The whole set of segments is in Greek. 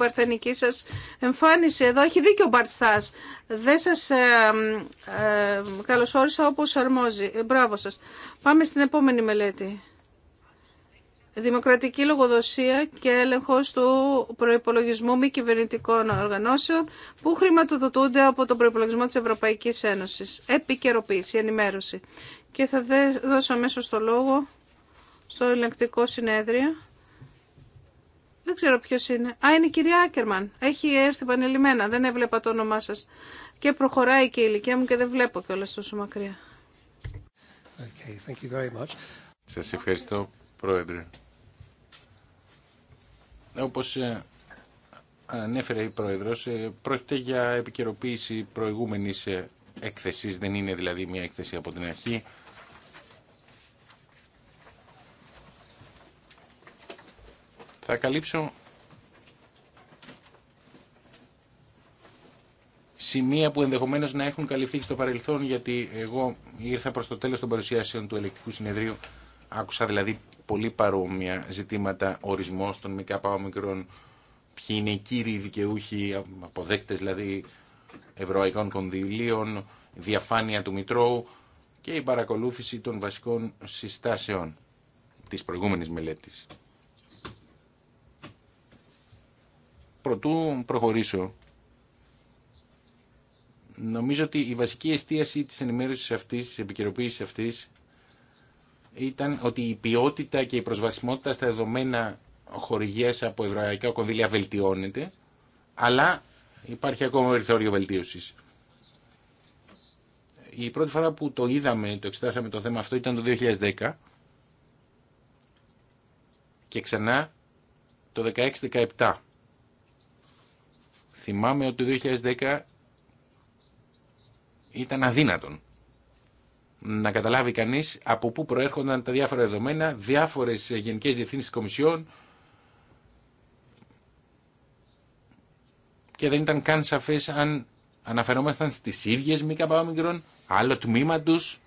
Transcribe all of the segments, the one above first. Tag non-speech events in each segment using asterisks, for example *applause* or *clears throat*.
παρθενική σας εμφάνιση εδώ. Έχει δίκιο ο Μπαρτστάς. Δεν σας ε, ε, καλωσόρισα όπως αρμόζει. Ε, μπράβο σας. Πάμε στην επόμενη μελέτη. Δημοκρατική λογοδοσία και έλεγχος του προϋπολογισμού μη κυβερνητικών οργανώσεων που χρηματοδοτούνται από τον προϋπολογισμό της Ευρωπαϊκής Ένωσης. Επικαιροποίηση, ενημέρωση. Και θα δώσω αμέσως το λόγο στο ελεγκτικό συνέδριο. Δεν ξέρω ποιο είναι. Α, είναι η κυρία Άκερμαν. Έχει έρθει πανελειμμένα. Δεν έβλεπα το όνομά σας. Και προχωράει και η ηλικία μου και δεν βλέπω κιόλα τόσο μακριά. Okay, Σας ευχαριστώ, Πρόεδρε. Όπως ε, ανέφερε η Πρόεδρος, ε, πρόκειται για επικαιροποίηση προηγούμενης ε, έκθεσης. Δεν είναι δηλαδή μια έκθεση από την αρχή. Θα καλύψω σημεία που ενδεχομένως να έχουν καλυφθεί στο παρελθόν, γιατί εγώ ήρθα προς το τέλος των παρουσιάσεων του ελεκτικού συνεδρίου. Άκουσα δηλαδή πολύ παρόμοια ζητήματα ορισμός των ΜΚΑΟ μικρών, ποιοι είναι οι κύριοι δικαιούχοι, αποδέκτε δηλαδή ευρωαϊκών κονδυλίων, διαφάνεια του Μητρώου και η παρακολούθηση των βασικών συστάσεων της προηγούμενης μελέτης. Προτού προχωρήσω, νομίζω ότι η βασική εστίαση της ενημέρωσης αυτής, της επικαιροποίησης αυτής, ήταν ότι η ποιότητα και η προσβασιμότητα στα δεδομένα χορηγίας από ευρωπαϊκά κονδύλια βελτιώνεται, αλλά υπάρχει ακόμα περιθώριο βελτίωσης. Η πρώτη φορά που το είδαμε, το εξετάσαμε το θέμα αυτό ήταν το 2010 και ξανά το 16-17 Θυμάμαι ότι το 2010 ήταν αδύνατον να καταλάβει κανείς από πού προέρχονταν τα διάφορα δεδομένα, διάφορες γενικές διευθύνσεις κομισιών και δεν ήταν καν σαφές αν αναφερόμασταν στις ίδιες ΜΚΟ, άλλο τμήμα τους,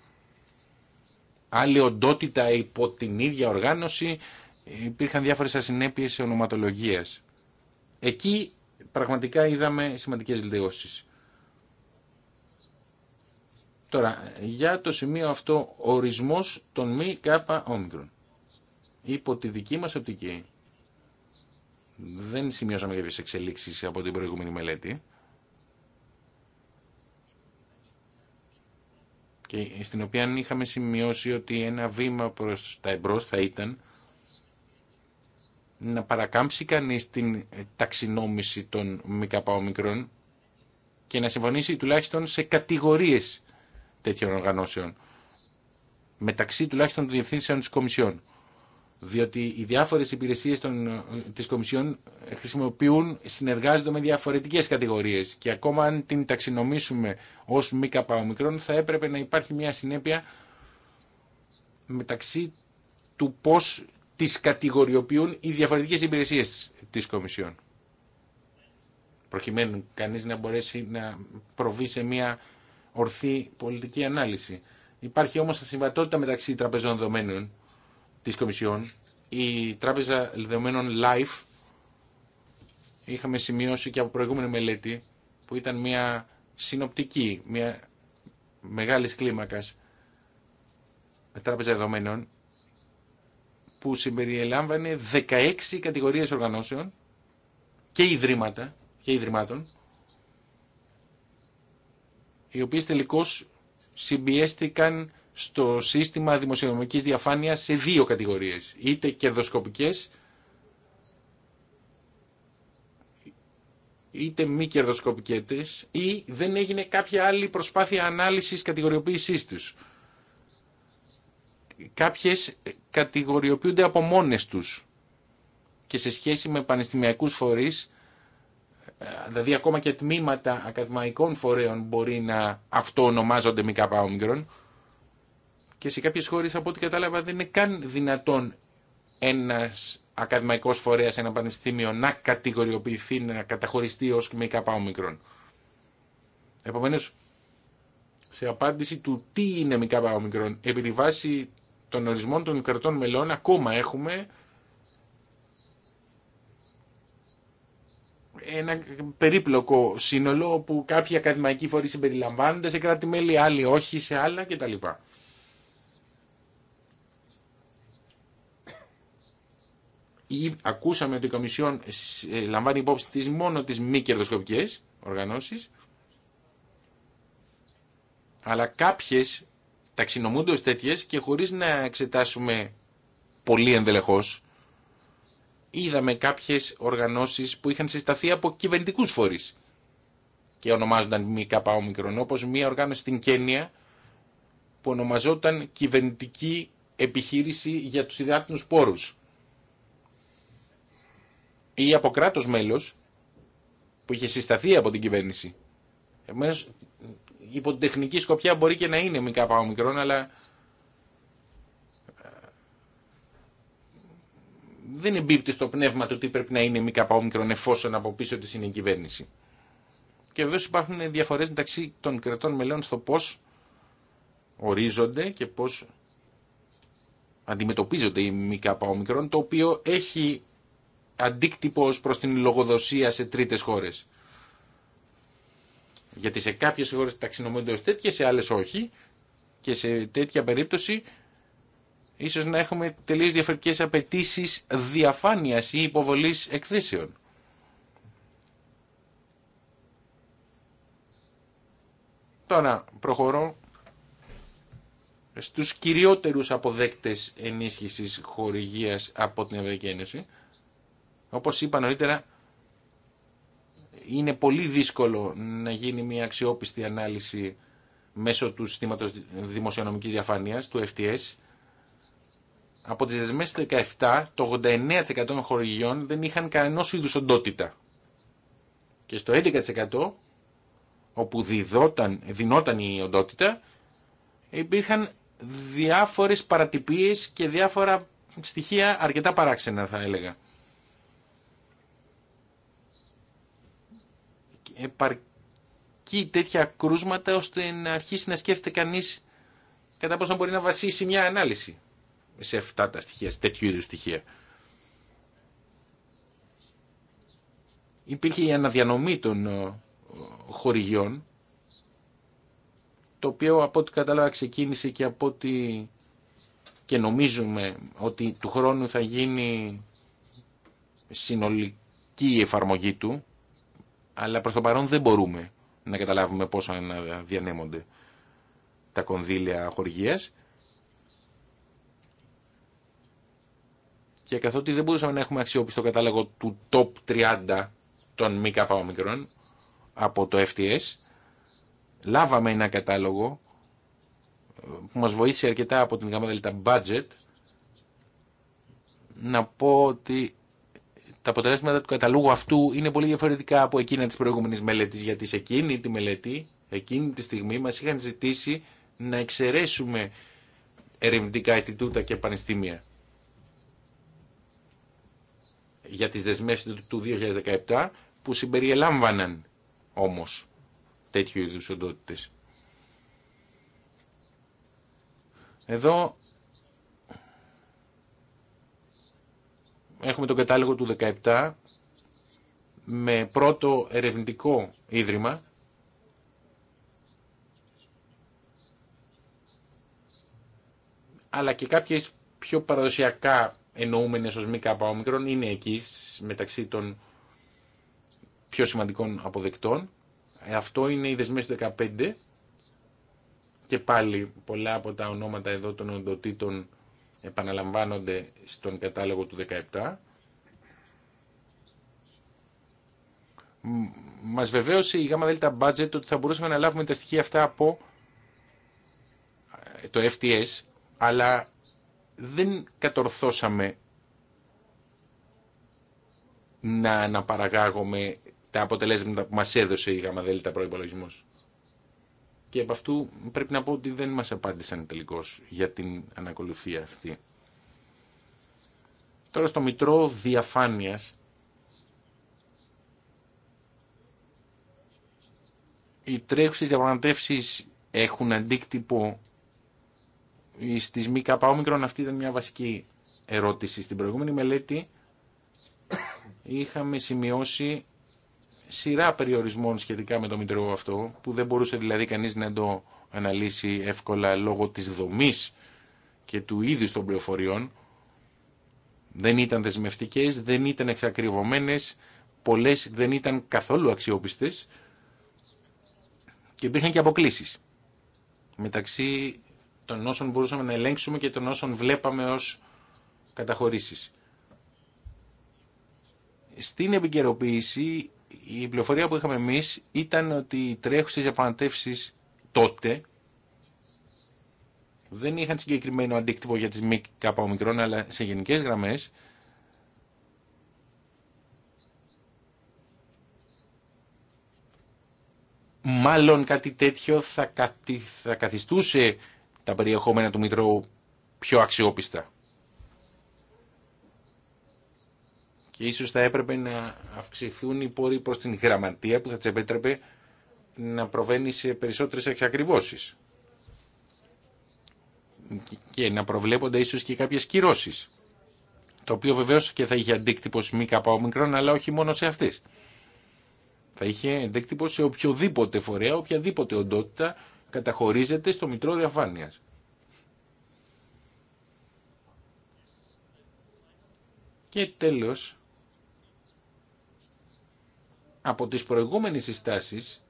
άλλη οντότητα υπό την ίδια οργάνωση, υπήρχαν διάφορες ασυνέπειες ονοματολογίας. Εκεί πραγματικά είδαμε σημαντικές βελτιώσεις. Τώρα, για το σημείο αυτό, ορισμός των μη κάπα ομικρων Υπό τη δική μας οπτική. Δεν σημειώσαμε κάποιες εξελίξεις από την προηγούμενη μελέτη. Και στην οποία είχαμε σημειώσει ότι ένα βήμα προς τα εμπρός θα ήταν να παρακάμψει κανείς την ταξινόμηση των ΜΚΟ και να συμφωνήσει τουλάχιστον σε κατηγορίες τέτοιων οργανώσεων μεταξύ τουλάχιστον των διευθύνσεων της Κομισιόν. Διότι οι διάφορες υπηρεσίες των, της Κομισιόν χρησιμοποιούν, συνεργάζονται με διαφορετικές κατηγορίες και ακόμα αν την ταξινομήσουμε ως ΜΚΟ θα έπρεπε να υπάρχει μια συνέπεια μεταξύ του πώς τις κατηγοριοποιούν οι διαφορετικές υπηρεσίες της Κομισιόν. Προκειμένου κανείς να μπορέσει να προβεί σε μια ορθή πολιτική ανάλυση. Υπάρχει όμως ασυμβατότητα μεταξύ τραπεζών δεδομένων της Κομισιόν. Η τράπεζα δεδομένων LIFE είχαμε σημειώσει και από προηγούμενη μελέτη που ήταν μια συνοπτική, μια μεγάλης κλίμακας τράπεζα δεδομένων που συμπεριελάμβανε 16 κατηγορίες οργανώσεων και ιδρύματα και ιδρυμάτων οι οποίες τελικώς συμπιέστηκαν στο σύστημα δημοσιονομικής διαφάνειας σε δύο κατηγορίες, είτε κερδοσκοπικές, είτε μη κερδοσκοπικές ή δεν έγινε κάποια άλλη προσπάθεια ανάλυσης κατηγοριοποίησής τους κάποιες κατηγοριοποιούνται από μόνες τους και σε σχέση με πανεστημιακούς φορείς, ε, δηλαδή ακόμα και τμήματα ακαδημαϊκών φορέων μπορεί να αυτονομάζονται μικά και σε κάποιες χώρες από ό,τι κατάλαβα δεν είναι καν δυνατόν ένας ακαδημαϊκός φορέας, ένα πανεστημίο να κατηγοριοποιηθεί, να καταχωριστεί ως μη Επομένως, σε απάντηση του τι είναι μη επειδή των ορισμών των κρατών μελών ακόμα έχουμε ένα περίπλοκο σύνολο όπου κάποια ακαδημαϊκοί φορείς συμπεριλαμβάνονται σε κράτη-μέλη, άλλοι όχι, σε άλλα κτλ. Ή, ακούσαμε ότι Κομισιόν ε, λαμβάνει υπόψη της μόνο τις μη κερδοσκοπικές οργανώσεις, αλλά κάποιες ταξινομούνται ως τέτοιες και χωρίς να εξετάσουμε πολύ ενδελεχώς. Είδαμε κάποιες οργανώσεις που είχαν συσταθεί από κυβερνητικούς φορείς και ονομάζονταν μη μικρόν, όπως μια οργάνωση στην Κένια που ονομαζόταν κυβερνητική επιχείρηση για τους υδάτινους πόρους ή από κράτο μέλος που είχε συσταθεί από την κυβέρνηση υπό την τεχνική σκοπιά μπορεί και να είναι μη κάπα αλλά ε, δεν εμπίπτει στο πνεύμα του ότι πρέπει να είναι μη κάπα εφόσον από πίσω της είναι η κυβέρνηση. Και βεβαίω υπάρχουν διαφορές μεταξύ των κρατών μελών στο πώς ορίζονται και πώς αντιμετωπίζονται οι μη κάπα το οποίο έχει αντίκτυπο προς την λογοδοσία σε τρίτες χώρες. Γιατί σε κάποιες χώρε ταξινομούνται ως τέτοιες, σε άλλες όχι. Και σε τέτοια περίπτωση ίσως να έχουμε τελείως διαφορετικές απαιτήσει διαφάνειας ή υποβολής εκθέσεων. Τώρα προχωρώ στους κυριότερους αποδέκτες ενίσχυσης χορηγίας από την Ευρωπαϊκή Ένωση. Όπως είπα νωρίτερα, είναι πολύ δύσκολο να γίνει μια αξιόπιστη ανάλυση μέσω του συστήματος δημοσιονομικής διαφάνειας, του FTS. Από τις δεσμές 17, το 89% των χορηγιών δεν είχαν κανένα είδου οντότητα. Και στο 11% όπου διδόταν, δινόταν η οντότητα, υπήρχαν διάφορες παρατυπίες και διάφορα στοιχεία αρκετά παράξενα θα έλεγα. επαρκεί τέτοια κρούσματα ώστε να αρχίσει να σκέφτεται κανείς κατά πόσο μπορεί να βασίσει μια ανάλυση σε αυτά τα στοιχεία, σε τέτοιου είδους στοιχεία. Υπήρχε η αναδιανομή των ε, χορηγιών, το οποίο από ό,τι κατάλαβα ξεκίνησε και από ό,τι και νομίζουμε ότι του χρόνου θα γίνει συνολική εφαρμογή του αλλά προς το παρόν δεν μπορούμε να καταλάβουμε πόσο διανέμονται τα κονδύλια χορηγίας. Και καθότι δεν μπορούσαμε να έχουμε αξιόπιστο κατάλογο του top 30 των μη ομικρών από το FTS, λάβαμε ένα κατάλογο ε, που μας βοήθησε αρκετά από την γάμα budget, να πω ότι τα αποτελέσματα του καταλόγου αυτού είναι πολύ διαφορετικά από εκείνα της προηγούμενης μελέτης, γιατί σε εκείνη τη μελέτη, εκείνη τη στιγμή μας είχαν ζητήσει να εξαιρέσουμε ερευνητικά Ινστιτούτα και πανεπιστήμια για τις δεσμεύσεις του 2017 που συμπεριελάμβαναν όμως τέτοιου είδους οντότητες. Εδώ Έχουμε τον κατάλογο του 17 με πρώτο ερευνητικό ίδρυμα αλλά και κάποιες πιο παραδοσιακά εννοούμενες ως μη είναι εκεί μεταξύ των πιο σημαντικών αποδεκτών. Αυτό είναι οι δεσμές του 15 και πάλι πολλά από τα ονόματα εδώ των οντοτήτων επαναλαμβάνονται στον κατάλογο του 17. Μας βεβαίωσε η ΓΔ Budget ότι θα μπορούσαμε να λάβουμε τα στοιχεία αυτά από ε, το FTS, αλλά δεν κατορθώσαμε να αναπαραγάγουμε τα αποτελέσματα που μας έδωσε η ΓΔ προϋπολογισμός. Και από αυτού πρέπει να πω ότι δεν μας απάντησαν τελικώς για την ανακολουθία αυτή. Τώρα στο Μητρό Διαφάνειας, οι τρέχουσες διαπραγματεύσεις έχουν αντίκτυπο στις μη όμικρον. Αυτή ήταν μια βασική ερώτηση. Στην προηγούμενη μελέτη είχαμε σημειώσει σειρά περιορισμών σχετικά με το Μητρό αυτό, που δεν μπορούσε δηλαδή κανείς να το αναλύσει εύκολα λόγω της δομής και του είδους των πληροφοριών. Δεν ήταν δεσμευτικές, δεν ήταν εξακριβωμένες, πολλές δεν ήταν καθόλου αξιόπιστες και υπήρχαν και αποκλήσεις μεταξύ των όσων μπορούσαμε να ελέγξουμε και των όσων βλέπαμε ως καταχωρήσεις. Στην επικαιροποίηση η πληροφορία που είχαμε εμείς ήταν ότι οι τρέχουσες διαπραγματεύσεις τότε δεν είχαν συγκεκριμένο αντίκτυπο για τις ΜΚΟ, αλλά σε γενικές γραμμές μάλλον κάτι τέτοιο θα, καθιστούσε τα περιεχόμενα του Μητρώου πιο αξιόπιστα. και ίσως θα έπρεπε να αυξηθούν οι πόροι προς την γραμματεία που θα της επέτρεπε να προβαίνει σε περισσότερες εξακριβώσεις και να προβλέπονται ίσως και κάποιες κυρώσεις το οποίο βεβαίως και θα είχε αντίκτυπο σε μη καπαόμικρον αλλά όχι μόνο σε αυτές θα είχε αντίκτυπο σε οποιοδήποτε φορέα, οποιαδήποτε οντότητα καταχωρίζεται στο Μητρό Διαφάνειας. Και τέλος, από τις προηγούμενες συστάσεις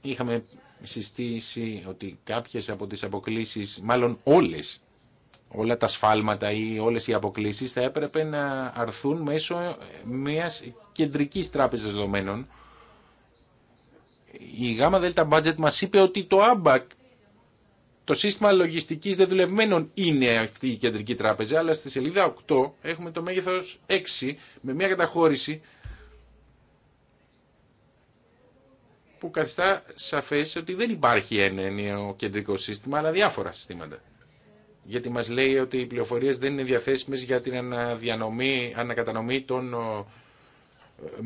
είχαμε συστήσει ότι κάποιες από τις αποκλήσεις, μάλλον όλες, όλα τα σφάλματα ή όλες οι αποκλήσεις θα έπρεπε να αρθούν μέσω μιας κεντρικής τράπεζας δεδομένων. Η γάμα δέλτα budget μας είπε ότι το ABAC το σύστημα λογιστικής δεδουλευμένων είναι αυτή η κεντρική τράπεζα, αλλά στη σελίδα 8 έχουμε το μέγεθος 6 με μια καταχώρηση που καθιστά σαφές ότι δεν υπάρχει ένα ενιαίο κεντρικό σύστημα, αλλά διάφορα συστήματα. Γιατί μας λέει ότι οι πληροφορίες δεν είναι διαθέσιμες για την αναδιανομή, ανακατανομή των ε, ε,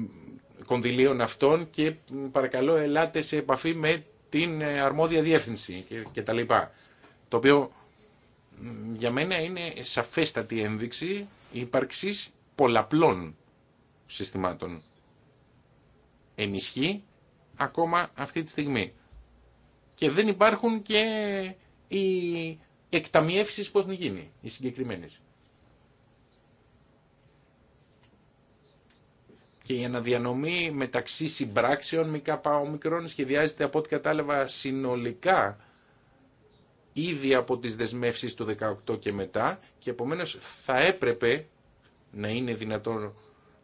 κονδυλίων αυτών και παρακαλώ ελάτε σε επαφή με την ε, αρμόδια διεύθυνση κτλ. Το οποίο για μένα είναι σαφέστατη ένδειξη ύπαρξης πολλαπλών συστημάτων. Ενισχύει ακόμα αυτή τη στιγμή. Και δεν υπάρχουν και οι εκταμιεύσεις που έχουν γίνει, οι συγκεκριμένες. και η αναδιανομή μεταξύ συμπράξεων ΜΚΟ ομικρών σχεδιάζεται από ό,τι κατάλαβα συνολικά ήδη από τις δεσμεύσεις του 18 και μετά και επομένως θα έπρεπε να είναι δυνατόν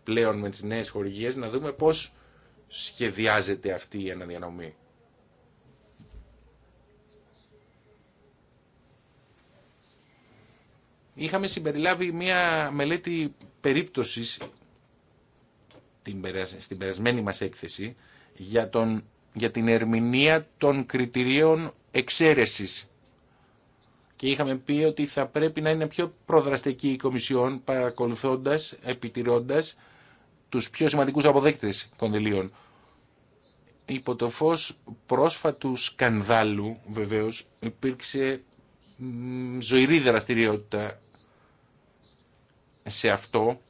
πλέον με τις νέες χορηγίες να δούμε πώς σχεδιάζεται αυτή η αναδιανομή. Είχαμε συμπεριλάβει μια μελέτη περίπτωσης στην περασμένη μας έκθεση για, τον, για την ερμηνεία των κριτηρίων εξαίρεσης. Και είχαμε πει ότι θα πρέπει να είναι πιο προδραστική η Κομισιόν παρακολουθώντας, επιτηρώντας τους πιο σημαντικούς αποδέκτες κονδυλίων. Υπό το φως πρόσφατου σκανδάλου βεβαίως υπήρξε ζωηρή δραστηριότητα σε αυτό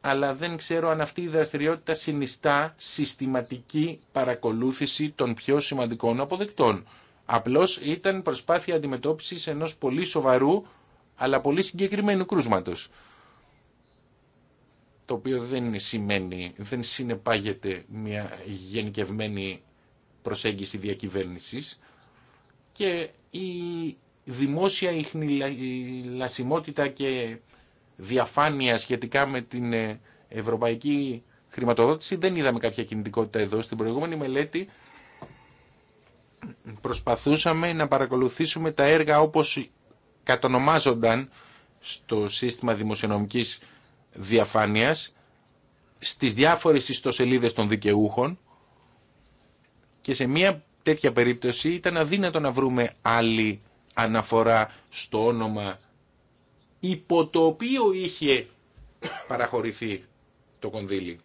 αλλά δεν ξέρω αν αυτή η δραστηριότητα συνιστά συστηματική παρακολούθηση των πιο σημαντικών αποδεκτών. Απλώς ήταν προσπάθεια αντιμετώπισης ενός πολύ σοβαρού αλλά πολύ συγκεκριμένου κρούσματος το οποίο δεν σημαίνει, δεν συνεπάγεται μια γενικευμένη προσέγγιση διακυβέρνησης και η δημόσια ηχνηλασιμότητα και διαφάνεια σχετικά με την ε, ευρωπαϊκή χρηματοδότηση. Δεν είδαμε κάποια κινητικότητα εδώ. Στην προηγούμενη μελέτη προσπαθούσαμε να παρακολουθήσουμε τα έργα όπως κατονομάζονταν στο σύστημα δημοσιονομικής διαφάνειας στις διάφορες ιστοσελίδες των δικαιούχων και σε μια τέτοια περίπτωση ήταν αδύνατο να βρούμε άλλη αναφορά στο όνομα υπό το οποίο είχε παραχωρηθεί το κονδύλι.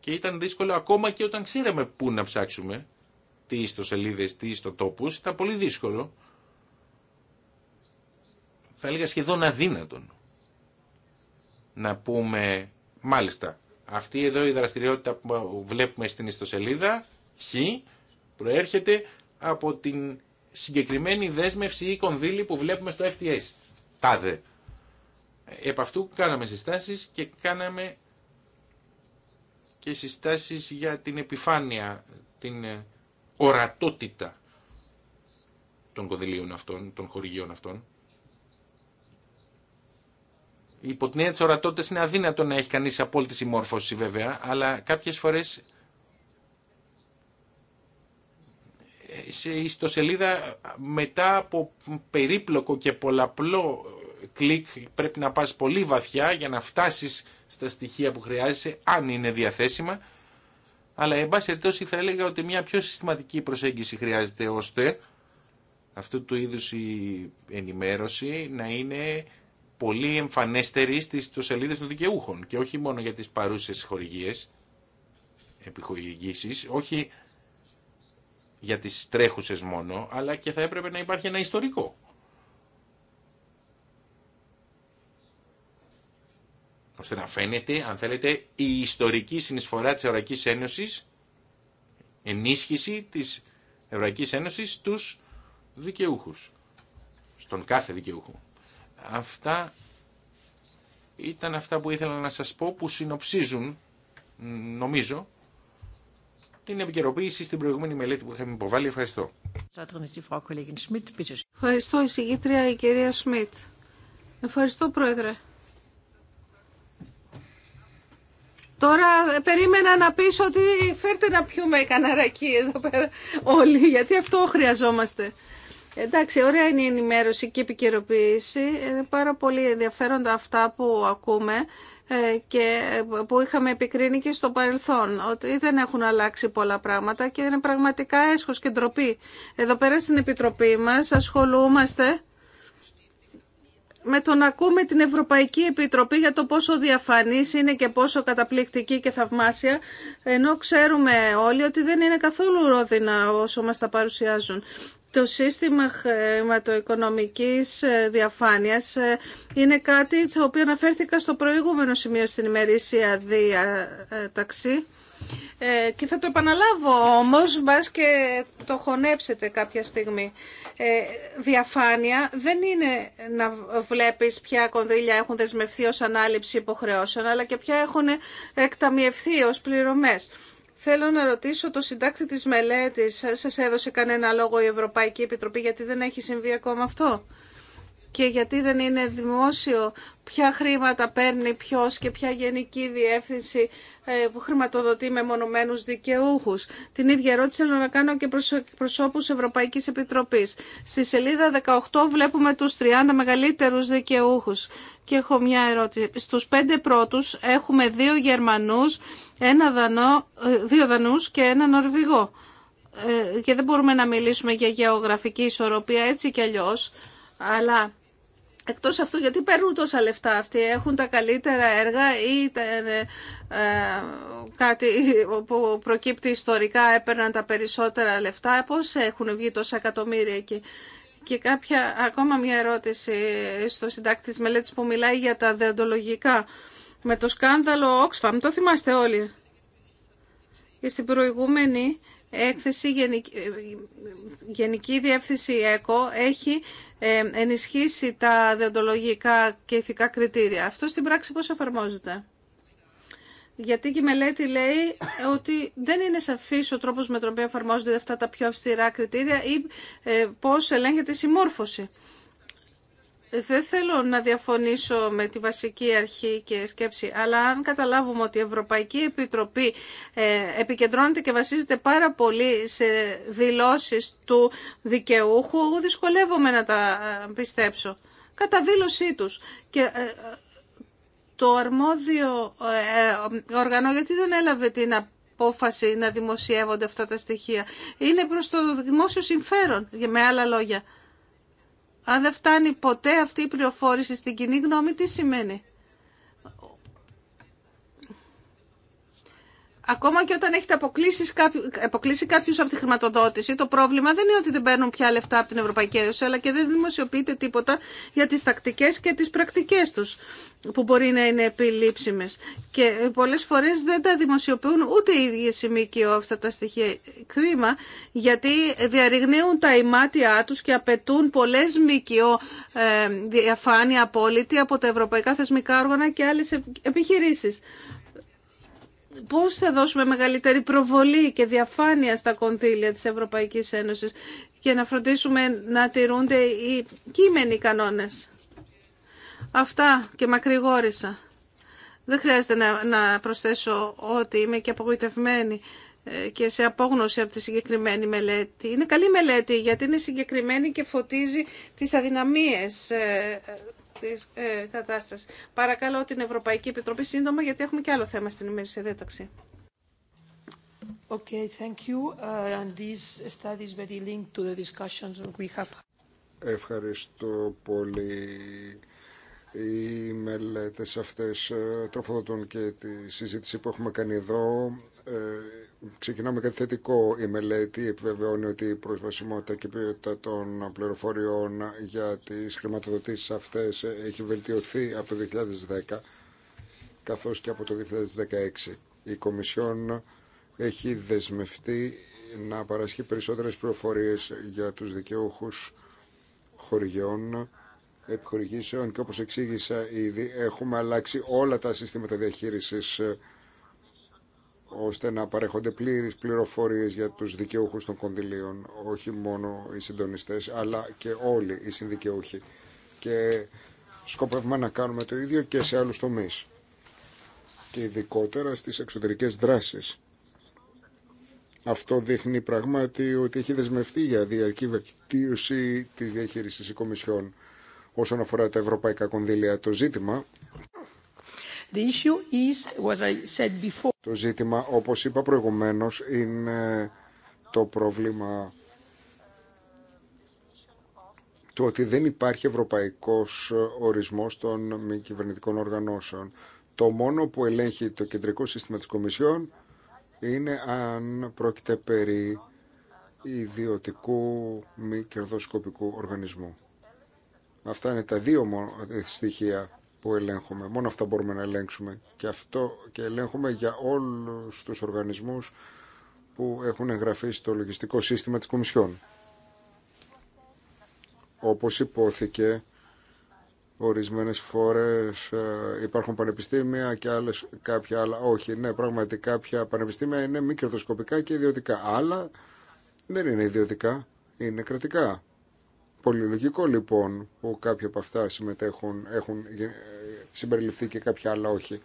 Και ήταν δύσκολο ακόμα και όταν ξέραμε πού να ψάξουμε, τι ιστοσελίδες, τι ιστοτόπους, ήταν πολύ δύσκολο. Θα έλεγα σχεδόν αδύνατον να πούμε, μάλιστα, αυτή εδώ η δραστηριότητα που βλέπουμε τι σελίδες, τι τόπους χ, προέρχεται από την συγκεκριμένη δέσμευση ή κονδύλι που βλέπουμε στο FTS τάδε. Επ' αυτού κάναμε συστάσεις και κάναμε και συστάσεις για την επιφάνεια, την ε, ορατότητα των κονδυλίων αυτών, των χορηγίων αυτών. Η την έννοια τη είναι αδύνατο να έχει κανεί απόλυτη συμμόρφωση βέβαια, αλλά κάποιες φορές ε, σε ιστοσελίδα μετά από περίπλοκο και πολλαπλό κλικ πρέπει να πας πολύ βαθιά για να φτάσεις στα στοιχεία που χρειάζεσαι, αν είναι διαθέσιμα. Αλλά εν πάση περιπτώσει θα έλεγα ότι μια πιο συστηματική προσέγγιση χρειάζεται ώστε αυτού του είδους η ενημέρωση να είναι πολύ εμφανέστερη στις σελίδες των δικαιούχων και όχι μόνο για τις παρούσες χορηγίες, επιχορηγήσεις, όχι για τις τρέχουσες μόνο, αλλά και θα έπρεπε να υπάρχει ένα ιστορικό ώστε να φαίνεται, αν θέλετε, η ιστορική συνεισφορά της Ευρωπαϊκής Ένωσης, ενίσχυση της Ευρωπαϊκής Ένωσης στους δικαιούχους, στον κάθε δικαιούχο. Αυτά ήταν αυτά που ήθελα να σας πω που συνοψίζουν, νομίζω, την επικαιροποίηση στην προηγούμενη μελέτη που είχαμε υποβάλει. Ευχαριστώ. Ευχαριστώ, η η κυρία Σμιτ. Ευχαριστώ, Πρόεδρε. Τώρα ε, περίμενα να πεις ότι φέρτε να πιούμε καναρακί εδώ πέρα όλοι, γιατί αυτό χρειαζόμαστε. Εντάξει, ωραία είναι η ενημέρωση και η επικαιροποίηση. Είναι πάρα πολύ ενδιαφέροντα αυτά που ακούμε ε, και ε, που είχαμε επικρίνει και στο παρελθόν, ότι δεν έχουν αλλάξει πολλά πράγματα και είναι πραγματικά έσχος και ντροπή. Εδώ πέρα στην Επιτροπή μας ασχολούμαστε με το να ακούμε την Ευρωπαϊκή Επιτροπή για το πόσο διαφανής είναι και πόσο καταπληκτική και θαυμάσια, ενώ ξέρουμε όλοι ότι δεν είναι καθόλου ρόδινα όσο μας τα παρουσιάζουν. Το σύστημα χρηματοοικονομικής ε, διαφάνειας ε, είναι κάτι το οποίο αναφέρθηκα στο προηγούμενο σημείο στην ημερήσια διαταξή ε, και θα το επαναλάβω όμως, μπας και το χωνέψετε κάποια στιγμή. Ε, διαφάνεια δεν είναι να βλέπεις ποια κονδύλια έχουν δεσμευθεί ως ανάληψη υποχρεώσεων, αλλά και ποια έχουν εκταμιευθεί ως πληρωμές. Θέλω να ρωτήσω το συντάκτη της μελέτης, σας έδωσε κανένα λόγο η Ευρωπαϊκή Επιτροπή γιατί δεν έχει συμβεί ακόμα αυτό και γιατί δεν είναι δημόσιο ποια χρήματα παίρνει ποιος και ποια γενική διεύθυνση ε, που χρηματοδοτεί με μονομένους δικαιούχους. Την ίδια ερώτηση θέλω να κάνω και προς προσώπους Ευρωπαϊκής Επιτροπής. Στη σελίδα 18 βλέπουμε τους 30 μεγαλύτερους δικαιούχους. Και έχω μια ερώτηση. Στους πέντε πρώτους έχουμε δύο Γερμανούς, ένα Δανό, ε, δύο Δανούς και ένα Νορβηγό. Ε, και δεν μπορούμε να μιλήσουμε για γεωγραφική ισορροπία έτσι κι αλλιώς. Αλλά Εκτός αυτού, γιατί παίρνουν τόσα λεφτά αυτοί, έχουν τα καλύτερα έργα ή ε, ε, κάτι που προκύπτει ιστορικά έπαιρναν τα περισσότερα λεφτά, πώς έχουν βγει τόσα εκατομμύρια εκεί. Και κάποια, ακόμα μια ερώτηση στο συντάκτη της μελέτης που μιλάει για τα δεοντολογικά. Με το σκάνδαλο Oxfam, το θυμάστε όλοι. Και στην προηγούμενη έκθεση ε, Γενική Διεύθυνση ΕΚΟ έχει ε, ενισχύσει τα διοντολογικά και ηθικά κριτήρια. Αυτό στην πράξη πώς εφαρμόζεται. Γιατί η μελέτη λέει ότι δεν είναι σαφής ο τρόπος με τον οποίο εφαρμόζονται αυτά τα πιο αυστηρά κριτήρια ή ε, πώς ελέγχεται η συμμόρφωση. Δεν θέλω να διαφωνήσω με τη βασική αρχή και σκέψη, αλλά αν καταλάβουμε ότι η Ευρωπαϊκή Επιτροπή ε, επικεντρώνεται και βασίζεται πάρα πολύ σε δηλώσεις του δικαιούχου, εγώ δυσκολεύομαι να τα ε, πιστέψω. Κατά δήλωσή τους. Και ε, το αρμόδιο οργανό, γιατί δεν έλαβε την απόφαση να δημοσιεύονται αυτά τα στοιχεία. Είναι προς το δημόσιο συμφέρον, με άλλα λόγια. Αν δεν φτάνει ποτέ αυτή η πληροφόρηση στην κοινή γνώμη, τι σημαίνει. Ακόμα και όταν έχετε αποκλείσει, κάποιου, κάποιους από τη χρηματοδότηση, το πρόβλημα δεν είναι ότι δεν παίρνουν πια λεφτά από την Ευρωπαϊκή Ένωση, αλλά και δεν δημοσιοποιείται τίποτα για τις τακτικές και τις πρακτικές τους, που μπορεί να είναι επιλήψιμες. Και πολλές φορές δεν τα δημοσιοποιούν ούτε οι ίδιες οι ΜΚΟ αυτά τα στοιχεία. Κρίμα, γιατί διαρριγνύουν τα ημάτια τους και απαιτούν πολλές ΜΚΟ ε, διαφάνεια απόλυτη από τα ευρωπαϊκά θεσμικά όργανα και άλλες επιχειρήσεις πώς θα δώσουμε μεγαλύτερη προβολή και διαφάνεια στα κονδύλια της Ευρωπαϊκής Ένωσης και να φροντίσουμε να τηρούνται οι κείμενοι κανόνες. Αυτά και μακρηγόρησα. Δεν χρειάζεται να, προσθέσω ότι είμαι και απογοητευμένη ε, και σε απόγνωση από τη συγκεκριμένη μελέτη. Είναι καλή μελέτη γιατί είναι συγκεκριμένη και φωτίζει τις αδυναμίες ε, τη ε, κατάσταση. Παρακαλώ την Ευρωπαϊκή Επιτροπή σύντομα γιατί έχουμε και άλλο θέμα στην ημερήσια δέταξη. Okay, thank you. Uh, and this study very linked to the discussions we have. Ευχαριστώ πολύ. Οι μελέτες αυτές ε, τροφοδοτούν και τη συζήτηση που έχουμε κάνει εδώ. Ε, Ξεκινάμε κάτι θετικό. Η μελέτη επιβεβαιώνει ότι η προσβασιμότητα και η ποιότητα των πληροφοριών για τι χρηματοδοτήσει αυτές έχει βελτιωθεί από το 2010 καθώς και από το 2016. Η Κομισιόν έχει δεσμευτεί να παρασχεί περισσότερες πληροφορίε για τους δικαιούχους χορηγιών επιχορηγήσεων και όπως εξήγησα ήδη έχουμε αλλάξει όλα τα συστήματα διαχείρισης ώστε να παρέχονται πλήρες πληροφορίες για τους δικαιούχους των κονδυλίων, όχι μόνο οι συντονιστές, αλλά και όλοι οι συνδικαιούχοι. Και σκοπεύουμε να κάνουμε το ίδιο και σε άλλους τομείς και ειδικότερα στις εξωτερικές δράσεις. Αυτό δείχνει πράγματι ότι έχει δεσμευτεί για διαρκή βελτίωση της διαχείρισης κομισιών όσον αφορά τα ευρωπαϊκά κονδύλια. Το ζήτημα το ζήτημα, όπως είπα προηγουμένως, είναι το πρόβλημα του ότι δεν υπάρχει ευρωπαϊκός ορισμός των μη κυβερνητικών οργανώσεων. Το μόνο που ελέγχει το κεντρικό σύστημα της Κομισιόν είναι αν πρόκειται περί ιδιωτικού μη κερδοσκοπικού οργανισμού. Αυτά είναι τα δύο στοιχεία που ελέγχουμε. Μόνο αυτά μπορούμε να ελέγξουμε. Και αυτό και ελέγχουμε για όλους τους οργανισμούς που έχουν εγγραφεί στο λογιστικό σύστημα της Κομισιόν. Όπως υπόθηκε, ορισμένες φορές ε, υπάρχουν πανεπιστήμια και άλλες, κάποια άλλα. Όχι, ναι, πραγματικά κάποια πανεπιστήμια είναι μη και ιδιωτικά. Άλλα δεν είναι ιδιωτικά, είναι κρατικά. Πολύ λογικό λοιπόν που κάποια από αυτά συμμετέχουν, έχουν συμπεριληφθεί και κάποια άλλα όχι.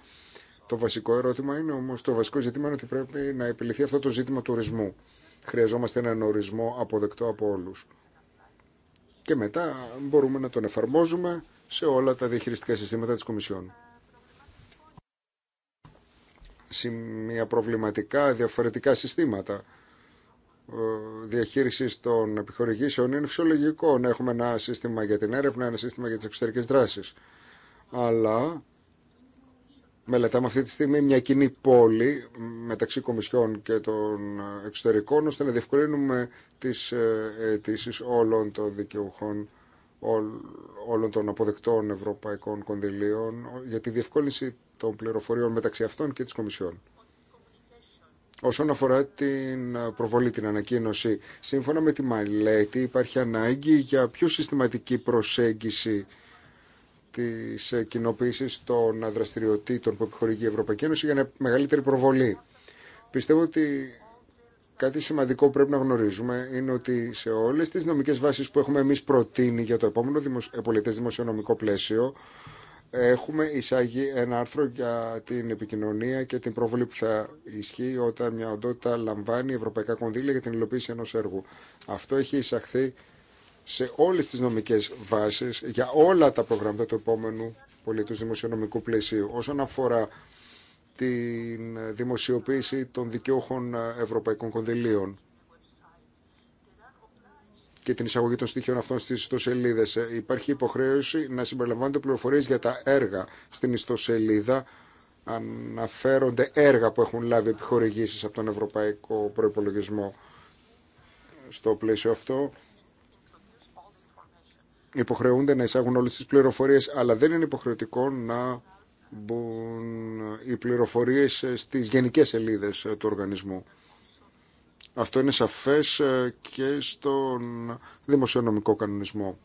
Το βασικό ερώτημα είναι όμως, το βασικό ζήτημα είναι ότι πρέπει να επιληθεί αυτό το ζήτημα του ορισμού. Χρειαζόμαστε έναν ορισμό αποδεκτό από όλους. Και μετά μπορούμε να τον εφαρμόζουμε σε όλα τα διαχειριστικά συστήματα της Κομισιόν. Σημεία προβληματικά, διαφορετικά συστήματα ε, διαχείριση των επιχορηγήσεων είναι φυσιολογικό να έχουμε ένα σύστημα για την έρευνα, ένα σύστημα για τι εξωτερικέ δράσει. Αλλά μελετάμε αυτή τη στιγμή μια κοινή πόλη μεταξύ Κομισιών και των εξωτερικών ώστε να διευκολύνουμε τις ε, αιτήσει όλων των δικαιούχων όλων των αποδεκτών ευρωπαϊκών κονδυλίων για τη διευκόλυνση των πληροφοριών μεταξύ αυτών και της Κομισιόν. Όσον αφορά την ε, προβολή, την ανακοίνωση, σύμφωνα με τη Μαλέτη, υπάρχει ανάγκη για πιο συστηματική προσέγγιση της ε, κοινοποίηση των δραστηριοτήτων που επιχορηγεί η Ευρωπαϊκή Ένωση για να μεγαλύτερη προβολή. Πιστεύω ότι κάτι σημαντικό που πρέπει να γνωρίζουμε είναι ότι σε όλες τις νομικές βάσεις που έχουμε εμείς προτείνει για το επόμενο ε, πολιτές δημοσιονομικό πλαίσιο, έχουμε εισάγει ένα άρθρο για την επικοινωνία και την προβολή που θα ισχύει όταν μια οντότητα λαμβάνει ευρωπαϊκά κονδύλια για την υλοποίηση ενός έργου. Αυτό έχει εισαχθεί σε όλες τις νομικές βάσεις για όλα τα προγράμματα του επόμενου πολιτούς δημοσιονομικού πλαισίου. Όσον αφορά την δημοσιοποίηση των δικαιούχων ευρωπαϊκών κονδυλίων και την εισαγωγή των στοιχείων αυτών στι ιστοσελίδε. Ε, υπάρχει υποχρέωση να συμπεριλαμβάνονται πληροφορίε για τα έργα στην ιστοσελίδα. Αναφέρονται έργα που έχουν λάβει επιχορηγήσει από τον Ευρωπαϊκό Προπολογισμό. Στο πλαίσιο αυτό υποχρεούνται να εισάγουν όλες τις πληροφορίες, αλλά δεν είναι υποχρεωτικό να μπουν οι πληροφορίε στι γενικέ σελίδε του οργανισμού. Αυτό είναι σαφές ε, και στον δημοσιονομικό κανονισμό.